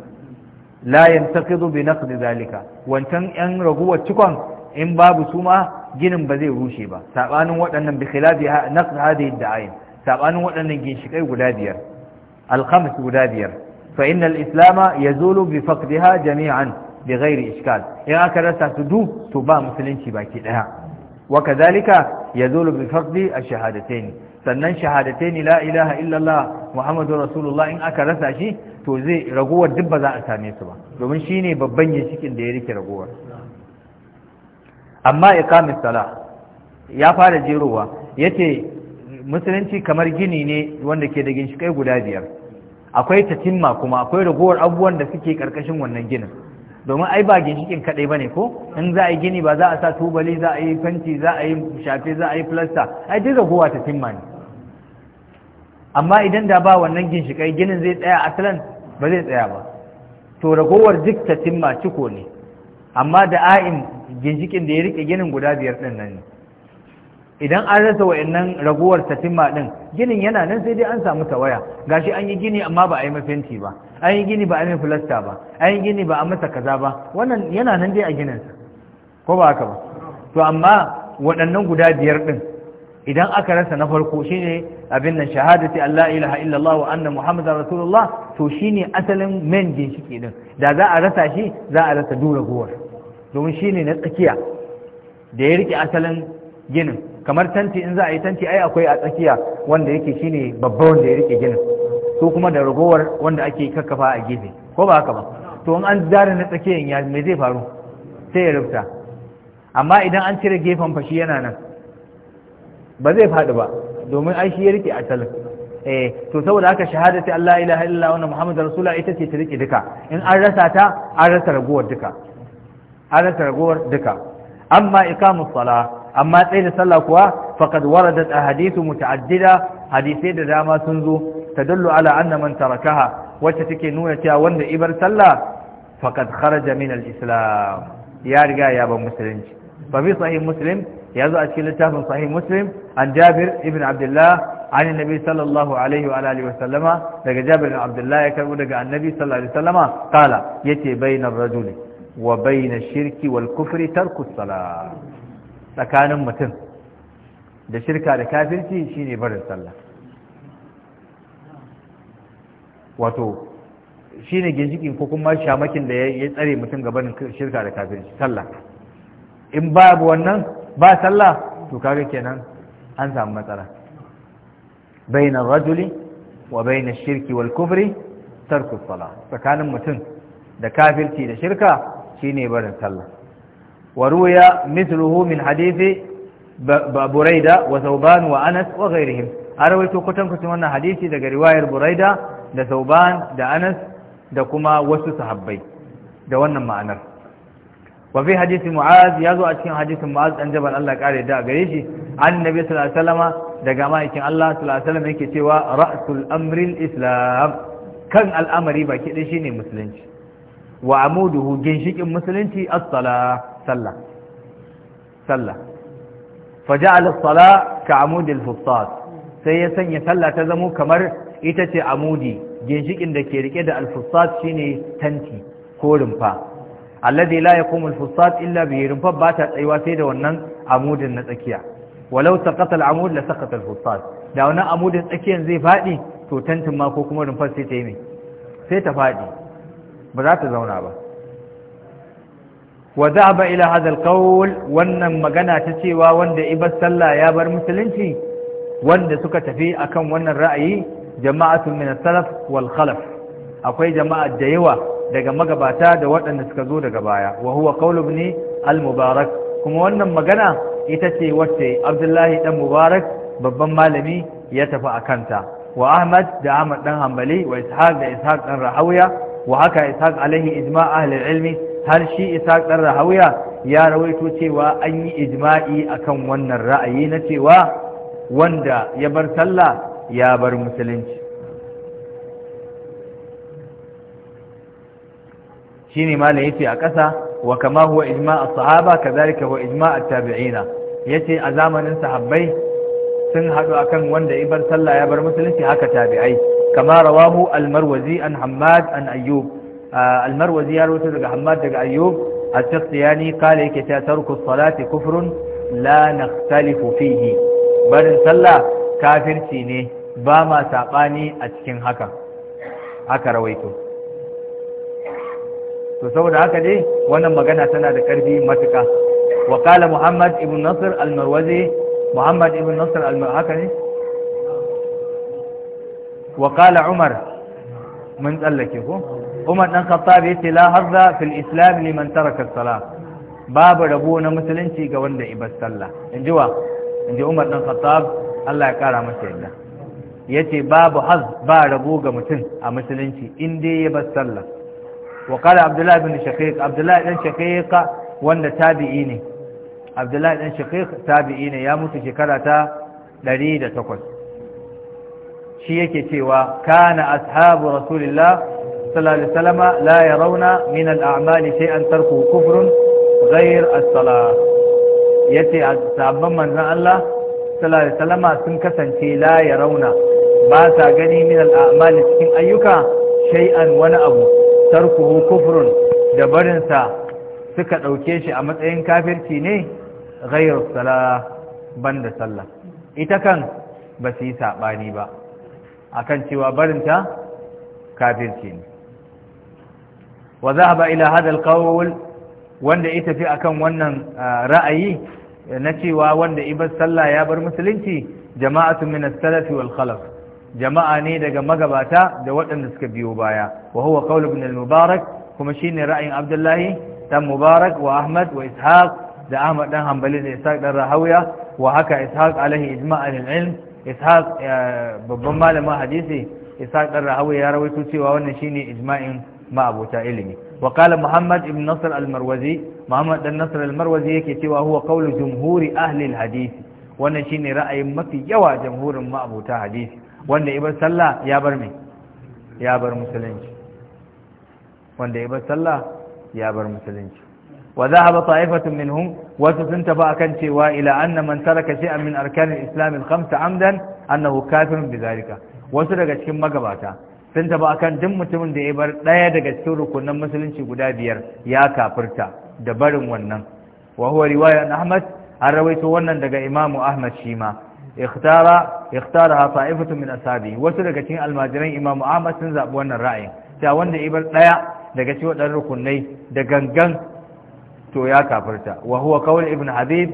la yantaqidu bi naqd zalika wancan yan ragowar cikon in babu su ma ginin ba zai rushe ba sabanin waɗannan bi khilafi naqd hadhihi da'ain sabanin waɗannan ginshikai guda biyar al guda biyar فإن الإسلام يزول بفقدها جميعا بغير إشكال إذا كانت تدو تبا مسلم شباكي لها وكذلك يزول بفقد الشهادتين sannan shahadatai la ilaha illallah muhammadur rasulullah in aka rasa shi to zai raguwar duk ba za a same su ba domin shi ne babban ginshikin da ya rike raguwar. amma iqamis sala ya fara jerowa yace musulunci kamar gini ne wanda ke da ginshikai guda biyar akwai tatimma kuma akwai ragowar abubuwan da suke karkashin wannan ginin domin ai ba ginshikin kadai bane ko in za a yi gini ba za a sa tubali za a yi fanti za a yi shafe za a yi filasta ai duk ragowa tatimma ne amma idan da ba wannan ginshikai ginin zai tsaya asalan ba zai tsaya ba to ragowar duk tatimma ciko ne amma da a'in ginshikin da ya rike ginin guda biyar din nan ne idan an rasa wa'annan raguwar satimma din ginin yana nan sai dai an samu tawaya gashi an yi gini amma ba a yi mafenti ba an yi gini ba a yi filasta ba an yi gini ba a masa kaza ba wannan yana nan dai a ginin ko ba haka ba to amma waɗannan guda biyar din idan aka rasa na farko shine abin nan shahadati Allah ilaha illallah wa anna muhammadar rasulullah to shine asalin men ginshiki din da za a rasa shi za a rasa dura ragowar. domin shine na tsakiya da ya rike asalin ginin kamar tanti in za a yi tanti ai akwai a tsakiya wanda yake shine babba wanda ya rike ginin ko kuma da ragowar wanda ake kakkafa a gefe ko ba haka ba to in an zara na tsakiyan ya me zai faru sai ya rufta amma idan an cire gefen fashi yana nan ba zai faɗi ba domin ai shi ya rike talin eh to saboda haka shahadati Allah ilaha illallah wa muhammadar rasulullah ita ce ta rike duka in an rasa ta an rasa ragowar duka an rasa ragowar duka amma iqamus salah amma tsaye da sallah kuwa faqad waradat ahadithu muta'addida hadisai da dama sun zo tadullu ala anna man tarakaha wacce take nuna cewa wanda ibar sallah faqad kharaja min al-islam ya riga ya ba musulunci fa bi sahih muslim ya zo a cikin littafin sahih muslim an jabir ibn abdullah عن النبي صلى الله عليه وعلى اله وسلم daga Jabir bin Abdullah ya karbo daga Annabi sallallahu alaihi wasallama kala yace bainar rajuli wa bainar shirki wal kufri tarku salat tsakanin mutum da shirka da kafirci shine barin sallah wato shine ginshikin ko kuma shamakin da ya tsare mutum ga barin shirka da kafirci sallah in babu wannan ba sallah to kaga kenan an samu matsala wa الرجل وبين الشرك kufri ترك الصلاة tsakanin mutum da كافرتي da shirka shine barin sallah. وروي مثله من حديث بريدة وثوبان وأنس وغيرهم أرويت قتن كتن hadisi دقى رواية بريدة da sauban da anas da kuma wasu sahabbai da wannan ma'anar wa fi hadisi mu'az ya zo a cikin hadisin mu'az dan jabal Allah kare da gare shi annabi sallallahu alaihi wasallam daga ma'aikin Allah sallallahu alaihi wasallam yake cewa ra'sul amri islam kan al'amari baki dai shine musulunci wa amuduhu ginshikin musulunci as sallah sallah faja'ala as-sala ka'amudi sai ya sanya sallah ta zamo kamar ita ce amudi ginshikin da ke rike da al-fustat shine tanti ko rumfa alladhi la yaqumu al-fustat illa bi rumfa ba ta tsayuwa sai da wannan amudin na tsakiya walau saqata al la saqata al da wannan amudin tsakiyan zai fadi to tantin ma ko kuma rumfar sai ta yi mai sai ta fadi ba za ta zauna ba wa ila hadal alqawl wannan magana ta cewa wanda ibar sallah ya bar musulunci wanda suka tafi akan wannan ra'ayi jama'atu min salaf wal khalaf akwai jama'a da yawa daga magabata da waɗanda suka zo daga baya wa huwa qawl ibn al-mubarak kuma wannan magana ita ce wacce Abdullahi dan Mubarak babban malami ya tafi akanta wa Ahmad da Ahmad dan Hanbali wa Ishaq da Ishaq dan Rahawiya wa haka Ishaq alaihi ijma' ahli al-ilmi har shi isa ɗan rahawiya ya rawaito cewa an yi ijma'i akan wannan ra'ayi na cewa wanda ya bar sallah ya bar musulunci ne malam yace a ƙasa wa kama huwa ijma' sahaba ka huwa ijma' at-tabi'ina yace a zamanin sahabbai sun haɗu akan wanda ibar sallah ya bar musulunci haka tabi'ai kama rawahu almarwazi marwazi an hammad an ayyub almarwazi ya rawaito daga hammad daga ayyub at-taqiyani kala yake ta tarku salati kufrun la nakhtalifu fihi barin sallah kafirci ne ba ma a cikin haka aka rawaito to saboda haka dai wannan magana tana da karfi matuka wa qala muhammad ibn nasr al-marwazi muhammad ibn nasr al-marwazi wa qala umar mun tsallake ko Umar dan Khattab yace la hazza fil islam liman taraka as-salah babu rabo na musulunci ga wanda ibar sallah inji wa inji Umar dan Khattab Allah ya kara masa yadda yace babu haz ba rabo ga mutum a musulunci in dai ya bar sallah wa qala Abdullah ibn Shaqiq Abdullah ibn Shaqiq wanda tabi'i ne Abdullah ibn Shaqiq tabi'i ne ya mutu shekara ta 108 shi yake cewa kana ashabu rasulillah sallallahu alaihi wasallam min al-a'mali shay'an tarku kufrun ghayr as-salah Allah sallallahu sun kasance la yarawna ba sa gani min al cikin ayyuka shay'an wani abu tarkuhu kufrun da barinsa suka ɗauke shi a matsayin kafirci ne ghayr as ita kan ba yi saɓani ba akan cewa barinta kafirci ne wa zahaba ila hadha alqawl wanda ya tafi akan wannan ra'ayi na cewa wanda ibar sallah ya bar musulunci jama'atu min as-salaf wal khalaf jama'a ne daga magabata da waɗanda suka biyo baya wa huwa qawl ibn al-mubarak kuma shine ra'ayin abdullahi dan mubarak wa ahmad wa ishaq da ahmad dan hanbali da ishaq dan rahawiya wa haka ishaq alaihi ijma'an al-ilm ishaq babban malamin hadisi ishaq dan rahawiya ya rawaito cewa wannan shine ijma'in ma'abota ilimi wa qala muhammad ibn nasr al-marwazi muhammad dan nasr al-marwazi yake cewa huwa qawlu jumhuri ahli al-hadith wannan shine ra'ayin mafi yawa jamhurin ma'abota hadisi wanda ibar sallah ya bar me ya bar musulunci wanda ibar sallah ya bar musulunci wa dhahaba ta'ifatun minhum wasu sun tafi akan cewa ila anna man taraka shay'an min arkan al-islam al-khamsa amdan annahu kafirun bidhalika wasu daga cikin magabata sun taba akan duk mutumin da ya bar ɗaya daga cikin rukunan musulunci guda biyar ya kafirta da barin wannan wa huwa riwaya ahmad an rawaito wannan daga imamu ahmad shima ikhtara ikhtaraha ta'ifatu min ashabi wasu daga cikin almajiran imamu ahmad sun zabi wannan ra'ayin ta wanda ya bar ɗaya daga cikin wadannan rukunai da gangan to ya kafirta wa huwa qawl ibn habib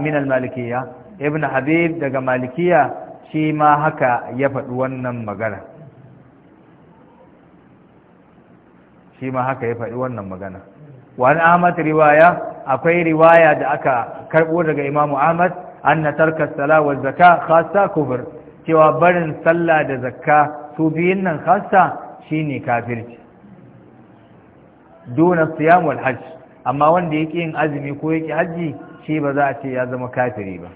min almalikiyya ibn habib daga malikiya shi ma haka ya faɗi wannan magana shi ma haka ya faɗi wannan magana wani ahmad riwaya akwai riwaya da aka karɓo daga imamu ahmad an na tarka zaka khasa kubur cewa barin sallah da zakka su biyun nan khasa ne kafirci duna siyam wal hajj amma wanda yake yin azumi ko yake hajji shi ba za a ce ya zama kafiri ba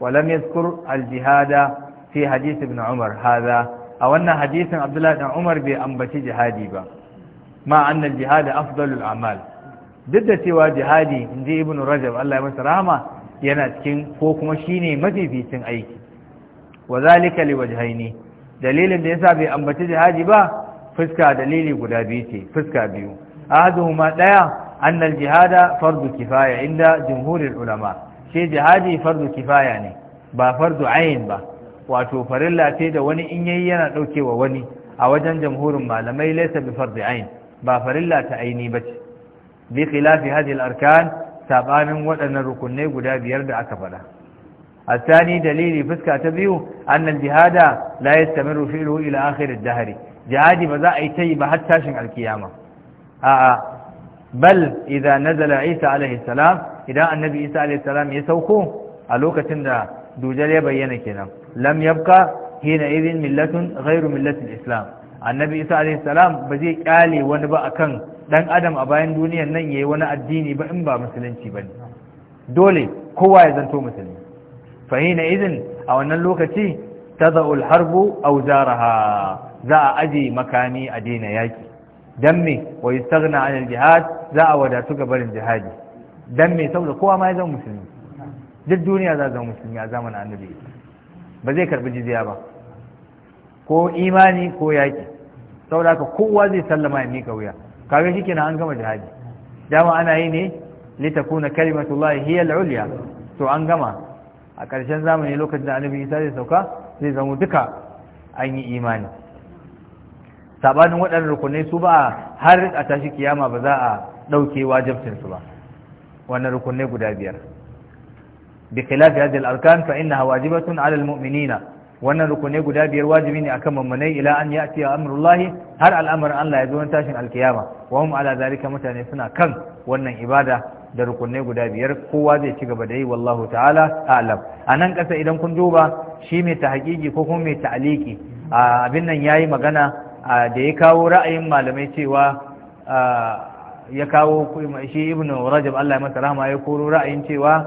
walam yaskur aljihada jihada fi hadith ibn umar hada a wannan hadisin abdullahi ibn umar bai ambaci jihadi ba ma annal jihad afdalul a'mal duk da cewa jihadi inji ibn rajab Allah ya masa rahama yana cikin ko kuma shine mafificin aiki wa zalika liwajhaini dalilin da yasa bai ambaci jihadi ba fuska dalili guda biyu ce fuska biyu ahaduhuma daya annal jihada fardu kifaya inda jumhurul ulama shi jihadi fardu kifaya ne ba fardu ayin ba wato farilla ce da wani in yayi yana daukewa wani a wajen jamhurin malamai laysa bi fardu ayin ba farin ta aini ba ce bi khilafi hajjil arkan sabanin waɗannan rukunai guda biyar da aka fada a dalili fuska ta biyu annan jihada la ya sami rufi ruhu ila akhirar dahari jihadi ba za a yi ta yi ba har tashin alkiyama a'a bal idha nazala isa alaihi salam idan annabi isa alaihi salam ya sauko a lokacin da dujar ya bayyana kenan lam yabka hina idin millatun ghairu millatul islam annabi isa alaihi salam ba zai kyale wani ba akan dan adam a bayan duniyar nan yayi wani addini ba in ba musulunci bane dole kowa ya zanto musulmi fa izin, idin a wannan lokaci tada'ul harbu awzaraha za a aje makami a daina yaki dan me wa yastaghna 'anil jihad za a wadatu ga barin jihadi dan me saboda kowa ma ya zama musulmi duk duniya za zama musulmi a zamanin annabi ba zai karbi jizya ba ko imani ko yaki saboda haka kowa zai sallama ya mika wuya kaga kenan an gama jihadi dama ana yi ne litakuna kalimatullahi hiya al-ulya to an gama a ƙarshen zamani lokacin da annabi Isa zai sauka zai zama duka an yi imani sabanin waɗannan rukunai su ba har a tashi kiyama ba za a ɗauke wajibcin su ba wannan rukunai guda biyar bi khilafi hadhihi al-arkan fa innaha wajibatun 'ala al-mu'minina wannan rukunai guda biyar wajibi ne akan mammanai ila an ce amrullahi har al'amarin Allah ya zo na tashin alkiyama wa mu ala zalika mutane suna kan wannan ibada da rukunai guda biyar kowa zai ci gaba da yi wallahu ta'ala a'lam a nan ƙasa idan kun duba shi mai ta tahqiqi ko kuma mai ta'aliki abin nan yayi magana da ya kawo ra'ayin malamai cewa ya kawo shi ibnu rajab Allah ya masa rahma ya koro ra'ayin cewa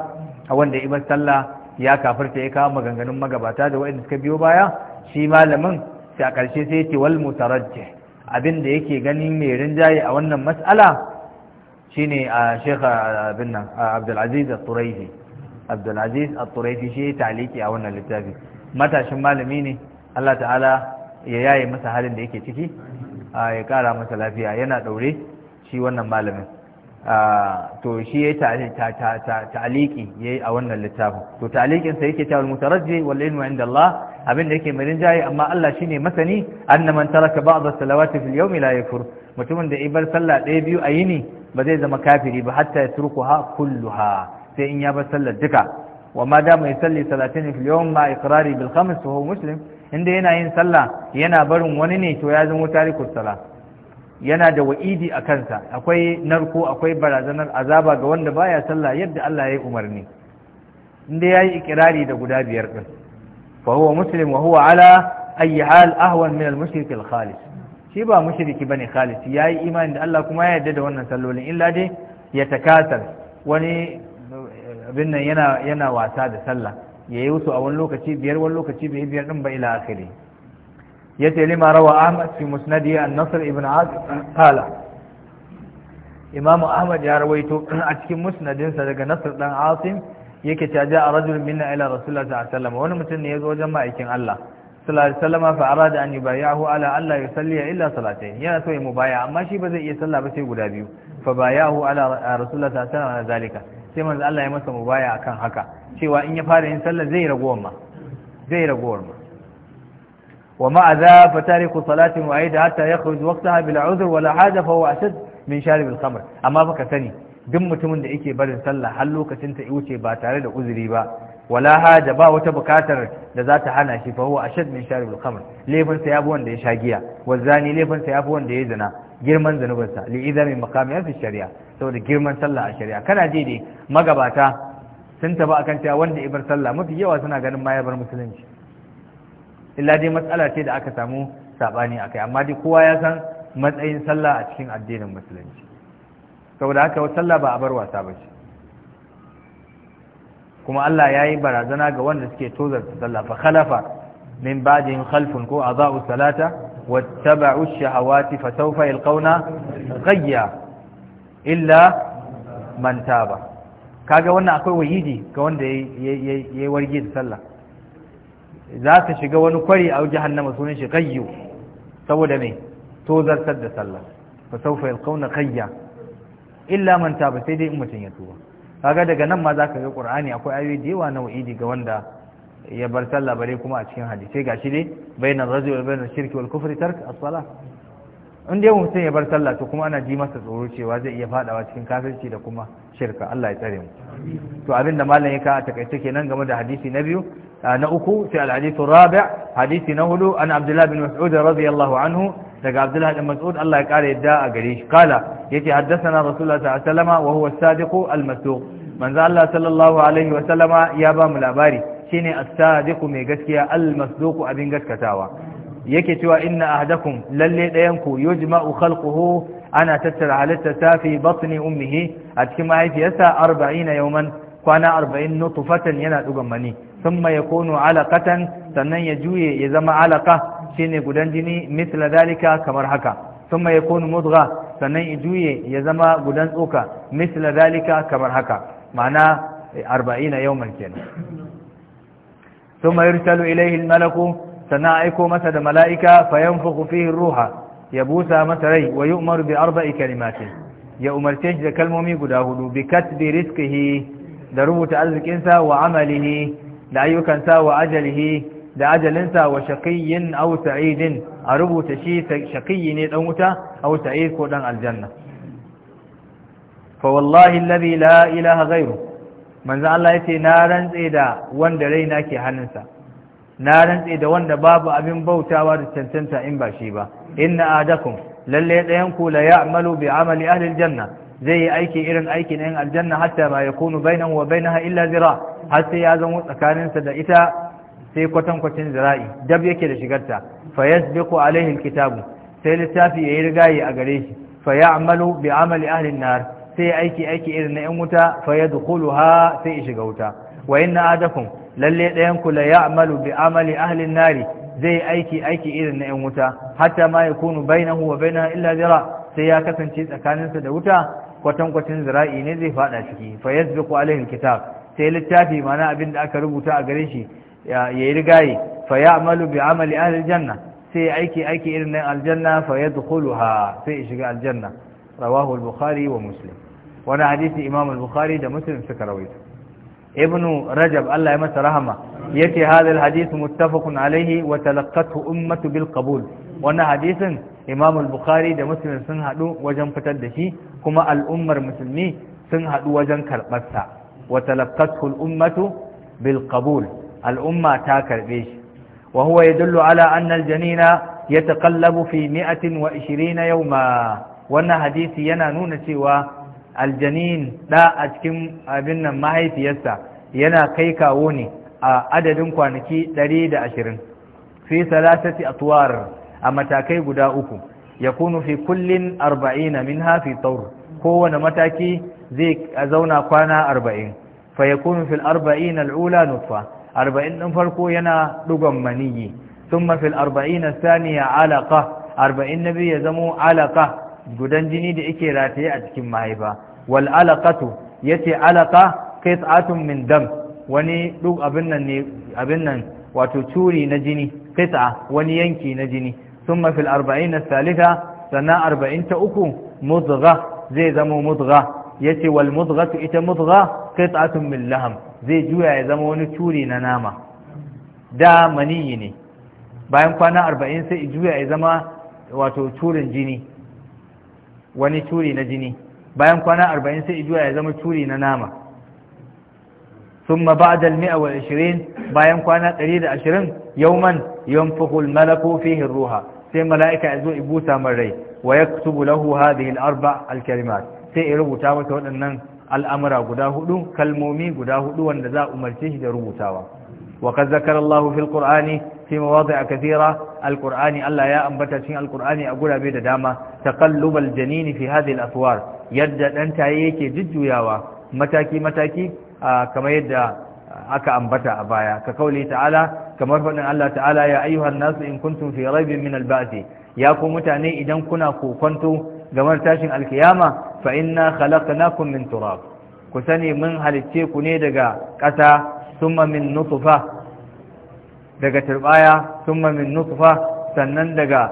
wanda ibn sallah ya kafarta ya kawo maganganun magabata da waɗanda suka biyo baya shi malamin sai a ƙarshe sai ce wal mutarajje abin da yake gani mai rinjaye a wannan mas'ala shine a Sheikh abin nan Abdul turaifi abdulaziz al turaifi shi taliki a wannan littafi matashin malami ne Allah ta'ala ya yaye masa halin da yake ciki ya kara masa lafiya yana ɗaure shi wannan malamin to shi ya ta'aliki ya yi a wannan littafin to ta'alikinsa yake cewa mutarajji wal ilmu inda Allah abin da yake mai rinjaye amma Allah shine masani anna man taraka ba'd as-salawati fil yawmi la yakfur mutumin da ibar sallah ɗaya biyu a yini ba zai zama kafiri ba hatta yatrukuha kulluha sai in ya bar sallar duka wa ma da mai salli salatin fil yawm ma iqrari bil khams wa huwa muslim inda yana yin sallah yana barin wani ne to ya zama tarikus salah yana da wa'idi a kansa akwai narko akwai barazanar azaba ga wanda baya sallah yadda Allah ya yi umarni inda ya yi ikirari da guda biyar din fa huwa muslim wa huwa ala ayi hal ahwan min al-mushrik al-khalis shi ba mushriki bane khalis ya yi imani da Allah kuma ya yarda da wannan sallolin illa dai ya takasar wani eh, abin nan yana yana wasa da sallah yayi wasu a wani lokaci biyar wani lokaci bai biyar din ba ila akhiri yace lima rawa ahmad fi musnadi an nasr ibn azib qala imam ahmad ya rawaito a cikin musnadinsa daga nasr dan asim yake ta ja a rajul minna ila rasulullah sallallahu alaihi wasallam wani mutum ne ya zo wajen ma'aikin Allah sallallahu alaihi wasallam fa arada an yubayahu ala Allah yusalli illa salatayn yana so ya mubaya amma shi ba zai iya sallah ba sai guda biyu fa bayahu ala rasulullah sallallahu alaihi wasallam ala zalika sai manzo Allah ya masa mubaya akan haka cewa in ya fara yin sallah zai ragowar ma zai ragowar ma ومع ذا فتارك صلاة معيدة حتى يخرج وقتها بلا عذر ولا حاجة فهو أشد من شارب الخمر أما بك سني duk mutumin da yake barin sallah har lokacin ta wuce ba tare da uzuri ba wala da ba wata bukatar da za ta hana shi fa huwa ashad min sharibul khamr laifin sa yafi wanda ya sha giya wazani laifin sa yafi wanda ya zina girman zanubin sa li idami maqami shari'a saboda girman sallah a shari'a kana je dai magabata sun taba akan cewa wanda ibar sallah mafi yawa suna ganin mayabar musulunci illa dai matsala ce da aka samu sabani kai amma dai kowa ya san matsayin sallah a cikin addinin musulunci saboda haka sallah ba a bar wasa ba ce kuma Allah ya yi barazana ga wanda suke tozarta sallah fa khalafa min ba'dihim khalfun ko adaa'u salata wa taba'u shahawati fa sawfa yalqawna ghayya illa man taba kaga wannan akwai wayidi ga wanda yayi warge da sallah za ka shiga wani kwari a hannama sunan shi kayyo saboda me to zartar da sallah fa sawfa yalqawna kayya illa manta ba sai dai in mutum ya tuba kaga daga nan ma za ka ga qur'ani akwai ayoyi da yawa na wa'idi ga wanda ya bar sallah bare kuma a cikin hadisi gashi dai bainar rajul wa bainar shirki wal kufri tark as-salah in dai mutum ya bar sallah to kuma ana ji masa tsoro cewa zai iya fadawa cikin kafirci da kuma shirka Allah ya tsare mu to abin da malam ya ka a takaice kenan game da hadisi na biyu na uku sai al-hadithu rabi' hadisi na hudu an Abdullah bin Mas'ud radiyallahu anhu daga Abdullah bin Mas'ud Allah ya kare yadda a gare shi kala yace haddathana Rasulullah sallallahu alaihi wasallam wa huwa as-sadiq al-masduq manzo Allah sallallahu alaihi wasallama ya ba mu labari shine as-sadiq mai gaskiya al-masduq abin gaskatawa yake cewa inna ahadakum lalle dayan ku yujma'u khalquhu ana tattara halitta fi batni ummihi a cikin mahaifiyarsa 40 yawman kwana 40 nutfatan yana dugan mani thumma yakunu alaqatan sannan ya juye ya zama alaqa shine gudan jini misla dalika kamar haka thumma yakunu mudgha sannan ya juye ya zama gudan tsoka misla dalika kamar haka ma'ana 40 yawman kenan thumma yursalu ilayhi al-malaku sannan aiko masa da mala'ika fayan yanfukhu ruha ya busa masa rai wa yu'maru bi arba'i kalimatin ya umarce shi da kalmomi guda hudu bi katbi rizqihi da rubuta arzikinsa wa amalihi da ayyukansa wa ajalihi da ajalinsa wa shaqiyyin aw sa'idin a rubuta shi shaqiyyi ne dan wuta aw sa'id ko dan aljanna fa wallahi alladhi la ilaha ghayru manzo Allah yace na rantse da wanda raina ke hannunsa na rantse da wanda babu abin bautawa da cancanta in ba shi ba inna adakum lalle ɗayan ku la ya'malu bi amali ahli aljanna zai yi aiki irin aikin ɗayan aljanna hatta ma kunu bainahu wa bainaha illa zira har sai ya zama tsakaninsa da ita sai kwatankwacin zira'i dab yake da shigarta fa yasbiqu alaihi alkitabu sai littafi yayi rigayi a gare shi fa ya'malu bi amali ahli nar sai aiki aiki irin na 'yan wuta fa yadkhuluha sai shiga wuta wa inna adakum lalle ɗayan kula la ya'malu bi amali ahlin nari zai aiki aiki irin na yan wuta hatta ma yakunu bainahu wa bainaha illa zira sai ya kasance tsakaninsa da wuta kwatankwacin zira'i ne zai fada ciki fa yasbiqu alaihi alkitab sai littafi mana abin da aka rubuta a gare shi ya yi rigaye fa ya'malu bi amali ahli Janna. sai aiki aiki irin na aljanna fa yadkhuluha sai shiga aljanna rawahu al-bukhari wa muslim wani hadisi imam al-bukhari da muslim suka rawaita. ibnu rajab Allah ya masa rahama yace hadha alhadith muttafaqun alayhi wa talaqqathu ummatu bil qabul wannan hadisin imam bukhari da muslim sun hadu wajen fitar da shi kuma al'ummar musulmi sun haɗu wajen karbarsa wa talaqqathu ummatu bilkabul. al'umma ta karbe shi wa ya yadullu ala anna al-janina yataqallabu fi 120 yawma wannan hadisi yana nuna cewa aljanin da a cikin abin nan mahaifiyarsa yana kai kawo ne a adadin kwanaki 120 fi salasati atwar a matakai guda uku yakunu fi kullin 40 min fi tawr kowane mataki zai zauna kwana arba'in, fa yakunu fil 40 al'ula nutfa arba'in ɗin farko yana dugon maniyi thumma fil 40 alaƙa arba'in na biyu ya zamo alaƙa gudan jini da yake rataye a cikin mahaifa wal ce yace kai qit'atun min dam wani duk abin nan wato curi na jini kai qit'a wani yanki na jini thumma fil arba'in na thalitha sana 40 ta uku mudgha zai zama Ya ce wal mudghatu ita kai qit'atun min laham zai juya ya zama wani curi na nama da maniyi ne bayan kwana arba'in sai juya ya zama wato curin jini wani curi na jini bayan kwana arba'in sai juya ya zama curi na nama summa ba'da al-mi'a wa bayan kwana 120 yawman yanfuhu al-malaku fihi ruha sai mala'ika ya zo ibuta man rai wa yaktubu lahu arba al sai ya rubuta masa waɗannan al'amura guda hudu kalmomi guda hudu wanda za a umarce shi da rubutawa wa qad zakara fi mawadi'a kathira alqur'ani Allah ya ambata cikin alqur'ani a gurabe da dama Ta taqallubal janini fi hadhihi al-athwar yadda dan taye yake jujjuyawa mataki mataki kamar yadda aka ambata a baya ka ta'ala kamar fadin Allah ta'ala ya ayyuhan nasu in kuntun fi raibin min al ya ku mutane idan kuna kokonto game tashin alkiyama fa inna khalaqnakum min turab ku sani mun halicce ku ne daga ƙasa summa min nutfa daga turbaya sun min nutfa sannan daga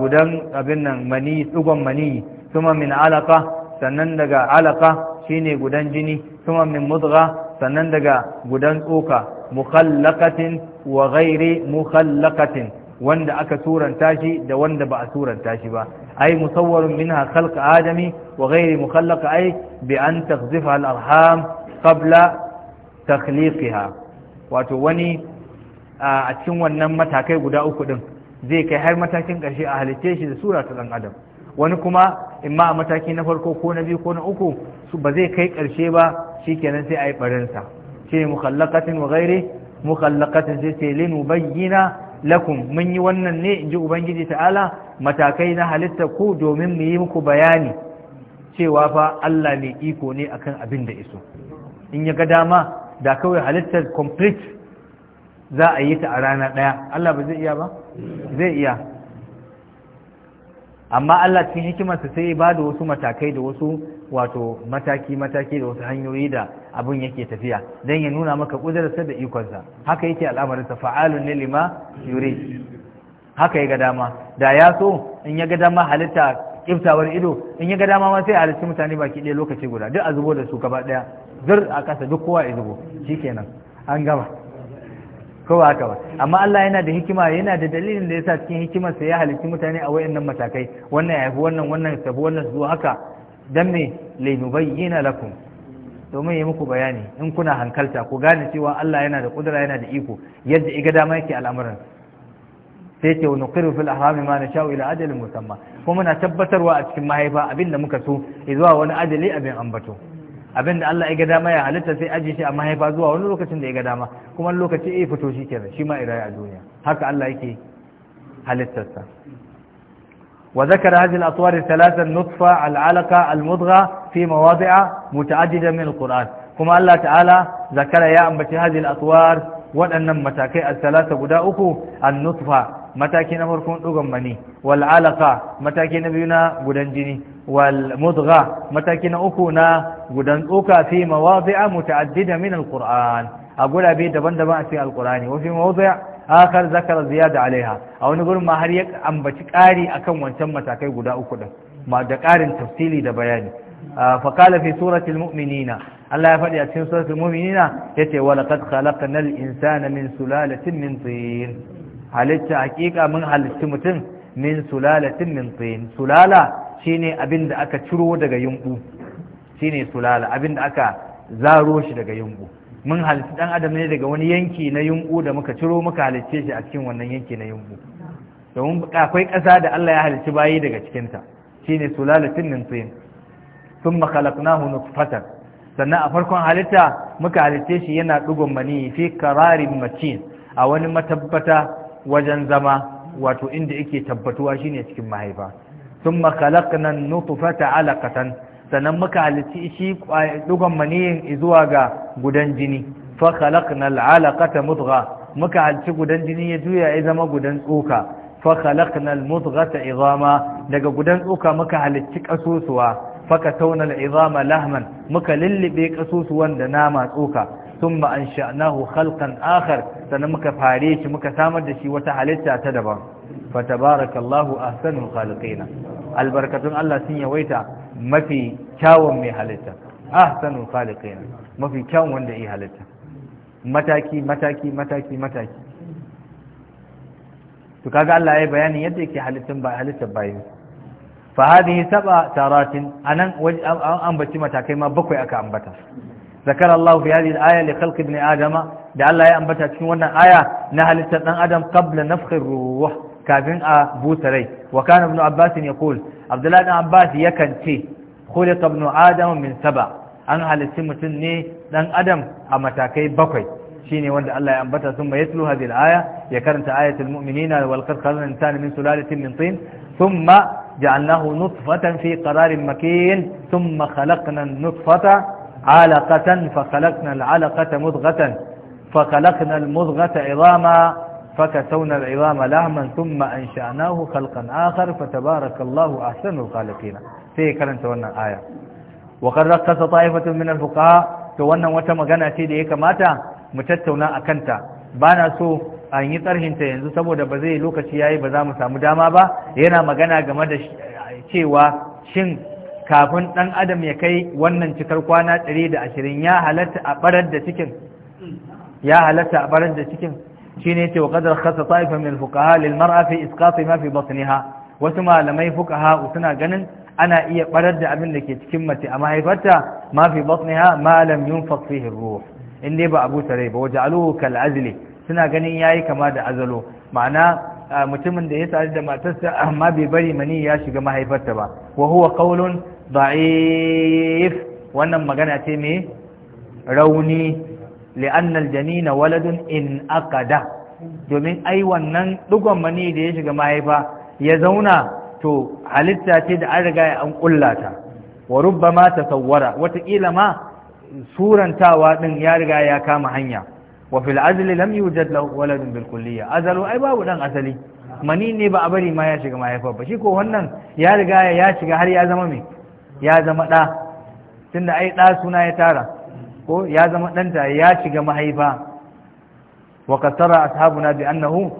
gudan abin nan mani tsugon mani suma min alaka sannan daga alaka shine gudan jini suma min mudgha sannan daga gudan tsoka mukhallaqatin wa ghairi mukhallaqatin wanda aka turanta shi da wanda ba a turanta shi ba ai musawwarun minha khalq adami wa ghairi mukhallaq ai bi an taghzifa al arham qabla takhliqiha wato wani a cikin wannan matakai guda uku ɗin zai kai har matakin ƙarshe a halitta shi da sura ta ɗan adam wani kuma imma a mataki na farko ko na biyu ko na uku su ba zai kai ƙarshe ba shi kenan sai a yi barinsa ce mukhallaqatin wa ghairi mukhallaqatin sai sai linu bayyina lakum mun yi wannan ne in ji ubangiji ta'ala matakai na halitta ku domin mu yi muku bayani cewa fa Allah ne iko ne akan abin da iso in ya ga dama da kawai halittar complete za a yi ta a rana ɗaya Allah ba zai iya ba zai iya amma Allah cikin hikimarsa sai ba da wasu matakai da wasu wato mataki-mataki da wasu hanyoyi da abin yake tafiya don ya nuna maka ƙudurarsa da ikonsa haka yake al'amarinsa fa'alun ne lima yuri haka ya ga dama da ya so in ya ga dama halitta kiftawar ido in ya ga dama ma sai a halitta mutane baki ɗaya lokaci guda duk a zubo da su gaba ɗaya zur a ƙasa duk kowa ya zubo shikenan an gama ko ba haka ba amma Allah yana da hikima yana da dalilin da yasa cikin hikimar sa ya halicci mutane a wayannan matakai wannan ya haifi wannan wannan sabu wannan zuwa haka dan me linubayyana lakum domin yi muku bayani in kuna hankalta ku gane cewa Allah yana da kudura yana da iko yadda iga dama yake al'amuran sai ce wani kiri fil ahrami ma na sha'u ila ajalin musamman. kuma muna tabbatarwa a cikin mahaifa abin da muka so zuwa wani ajali abin ambato Abin da Allah ya ga dama ya halitta sai aje shi a mahaifa zuwa wani lokacin da ya ga dama kuma lokaci ya fito shi kenan shi ma a duniya haka Allah yake halittarsa wa zakara hadhihi al-atwar al-thalatha nutfa al-alaqa al-mudgha fi mawadi'a muta'addida min al-Qur'an kuma Allah ta'ala zakara ya ambaci hadhihi al-atwar waɗannan matakai al-thalatha guda uku an-nutfa mataki na farkon dogon mani wal alaqa mataki na biyu na gudan jini wal mudgha mataki na uku na gudan tsoka fi mawadi'a muta'addida min alquran a gurabe daban-daban a cikin alqurani wa fi mawadi' akhar zakara ziyada alaiha a wani gurin ma har ya ambaci ƙari akan wancan matakai guda uku din ma da ƙarin tafsili da bayani fa qala fi mu'minina Allah ya faɗi a cikin suratul mu'minina yace wa laqad khalaqnal insana min sulalatin min tin halitta hakika mun halitti mutum min sulalatin min tin sulala shine abin da aka ciro daga yumbu shine sulala abin da aka zaro shi daga yumbu mun halitti dan adam ne daga wani yanki na yumbu da muka ciro muka halitte shi a cikin wannan yanki na yumbu domin akwai ƙasa da Allah ya halitti bayi daga cikinta shine sulalatin min tin thumma khalaqnahu nutfatan sannan a farkon halitta muka halitte shi yana dugon mani fi qararin matin a wani matabbata wajen zama wato inda yake tabbatuwa shine cikin mahaifa thumma khalaqna nutfata alaqatan sannan muka halitti shi dugon maniyin zuwa ga gudan jini fa khalaqna alaqata mudgha muka halitti gudan jini ya juya ya zama gudan tsoka fa khalaqna almudghata idama daga gudan tsoka muka halitti kasusuwa fa katawna alidama lahman muka lillibe kasusuwan da nama tsoka ثم أنشأناه خلقا آخر سنمك فاريش مك سامد شي وتحلت أتدبا فتبارك الله أحسن الخالقين البركة الله سن يويتا ما في كاو مي حلتا أحسن الخالقين ما في كاو وند إي حلتا متاكي متاكي متاكي متاكي to kaga Allah ya bayani yadda yake halittun ba halittar bayin fa hadhihi sab'a taratin anan an ambaci matakai ma bakwai aka ambata ذكر الله في هذه الآية لخلق ابن آدم da Allah ya ambata cikin wannan aya na halittar dan adam kabla nafkhir ruh kafin a buta rai wa kana ibn abbas yaqul abdullahi ibn abbas yakan ce khuliqa ibn adam min saba an halitti mutum ne dan adam a matakai bakwai shine wanda Allah ya ambata sun yatlu hadhihi al-aya ya karanta ayatul mu'minina wal qad khalaqna insana min sulalatin min tin thumma ja'alnahu nutfatan fi qararin makin thumma khalaqna an-nutfata علقة فخلقنا العلقة مضغة فخلقنا المضغة عظاما فكسونا العظام لهما ثم أنشأناه خلقا آخر فتبارك الله أحسن الخالقين في كرنت ونا آية وقد رقص طائفة من الفقهاء تونن وتمغنى سيدي كماتا متتونا أكنتا بانا سوء an yi tsarhinta yanzu saboda ba zai lokaci yayi ba za mu samu dama ba yana magana game da cewa shin kafin ɗan adam ya kai wannan cikar kwana ɗari da ashirin ya halatta a ɓarar da cikin ya halatta a ɓarar da cikin shi ne ce wa ƙadar khasa ta'ifa min fuqaha lil mar'a fi isqati ma fi batniha wasu malamai fuqaha suna ganin ana iya ɓarar da abin da ke cikin mace a mahaifarta ma fi batniha ma lam yunfaq fihi ruh in dai ba abu tare ba waja'aluhu kal azli suna ganin yayi kama da azalo ma'ana mutumin da ya sadu da matarsa amma bai bari mani ya shiga mahaifarta ba wa huwa qaulun da'if wannan magana ce mai rauni li'annal janina waladun in aqada domin ai wannan dugon mani da ya shiga mahaifa ya zauna to halitta ce da an riga an kullata wa rubbama tasawwara wataƙila ma surantawa ɗin ya riga ya kama hanya wa fil azli lam yujad lahu waladun bil kulliyya ai babu dan asali mani ne ba a bari ma ya shiga mahaifar ba shi ko wannan ya riga ya shiga har ya zama mai ya zama ɗa tun da ai ɗa suna ya tara ko ya zama ɗanta ya shiga mahaifa wa kasara ashabuna bi annahu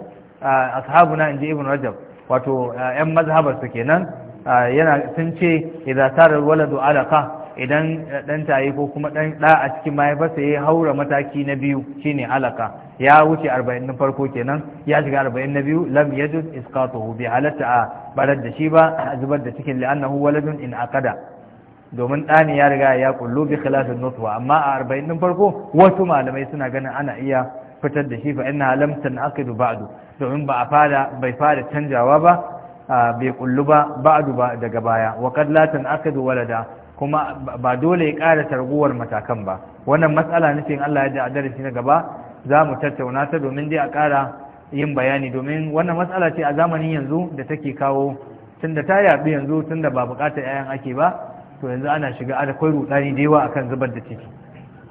ashabuna inji ibn rajab wato yan mazhabar su kenan yana sun ce idza tara waladu alaqa idan ɗan tayi ko kuma ɗan ɗa a cikin mahaifarsa ya haura mataki na biyu shine alaka ya wuce arba'in na farko kenan ya shiga arba'in na biyu lam yajuz isqatuhu bi halatta a barar da shi ba a zubar da cikin li'annahu waladun in akada domin ɗani ya riga ya kullu bi khilafin nutwa amma a arba'in na farko wasu malamai suna ganin ana iya fitar da shi fa inna lam tanaqidu ba'du domin ba a fara bai fara canjawa ba bai kullu ba ba'du ba daga baya wa qad la tanaqidu walada kuma ba dole ya ƙara targuwar matakan ba wannan matsala nufin Allah ya ji a darasi na gaba za mu tattauna ta domin dai a ƙara yin bayani domin wannan matsala ce a zamanin yanzu da take kawo tun da ta yaɗu yanzu tun da ba buƙatar 'ya'yan ake ba to yanzu ana shiga a da kwai da yawa akan zubar da ciki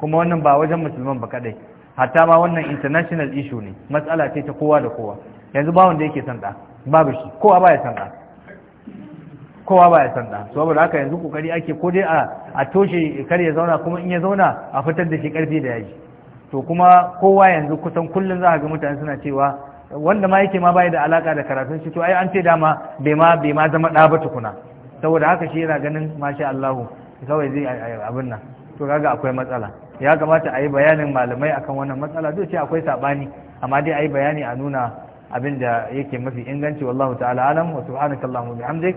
kuma wannan ba wajen musulman ba kaɗai hatta ma wannan international issue ne matsala ce ta kowa da kowa yanzu ba wanda yake son ɗa babu shi kowa ba ya son ɗa kowa ba ya sanda saboda haka yanzu kokari ake ko dai a toshe kar ya zauna kuma in ya zauna a fitar da shi karfi da yaji to kuma kowa yanzu kusan kullum za ga mutane suna cewa wanda ma yake ma bai da alaka da karatun shi to ai an ce dama bai ma bai ma zama da ba tukuna saboda haka shi yana ganin masha Allahu kawai zai abin nan to kaga akwai matsala ya kamata a yi bayanin malamai akan wannan matsala duk ce akwai sabani amma dai a yi bayani a nuna abin da yake mafi inganci wallahu ta'ala alam wa subhanakallahumma bihamdik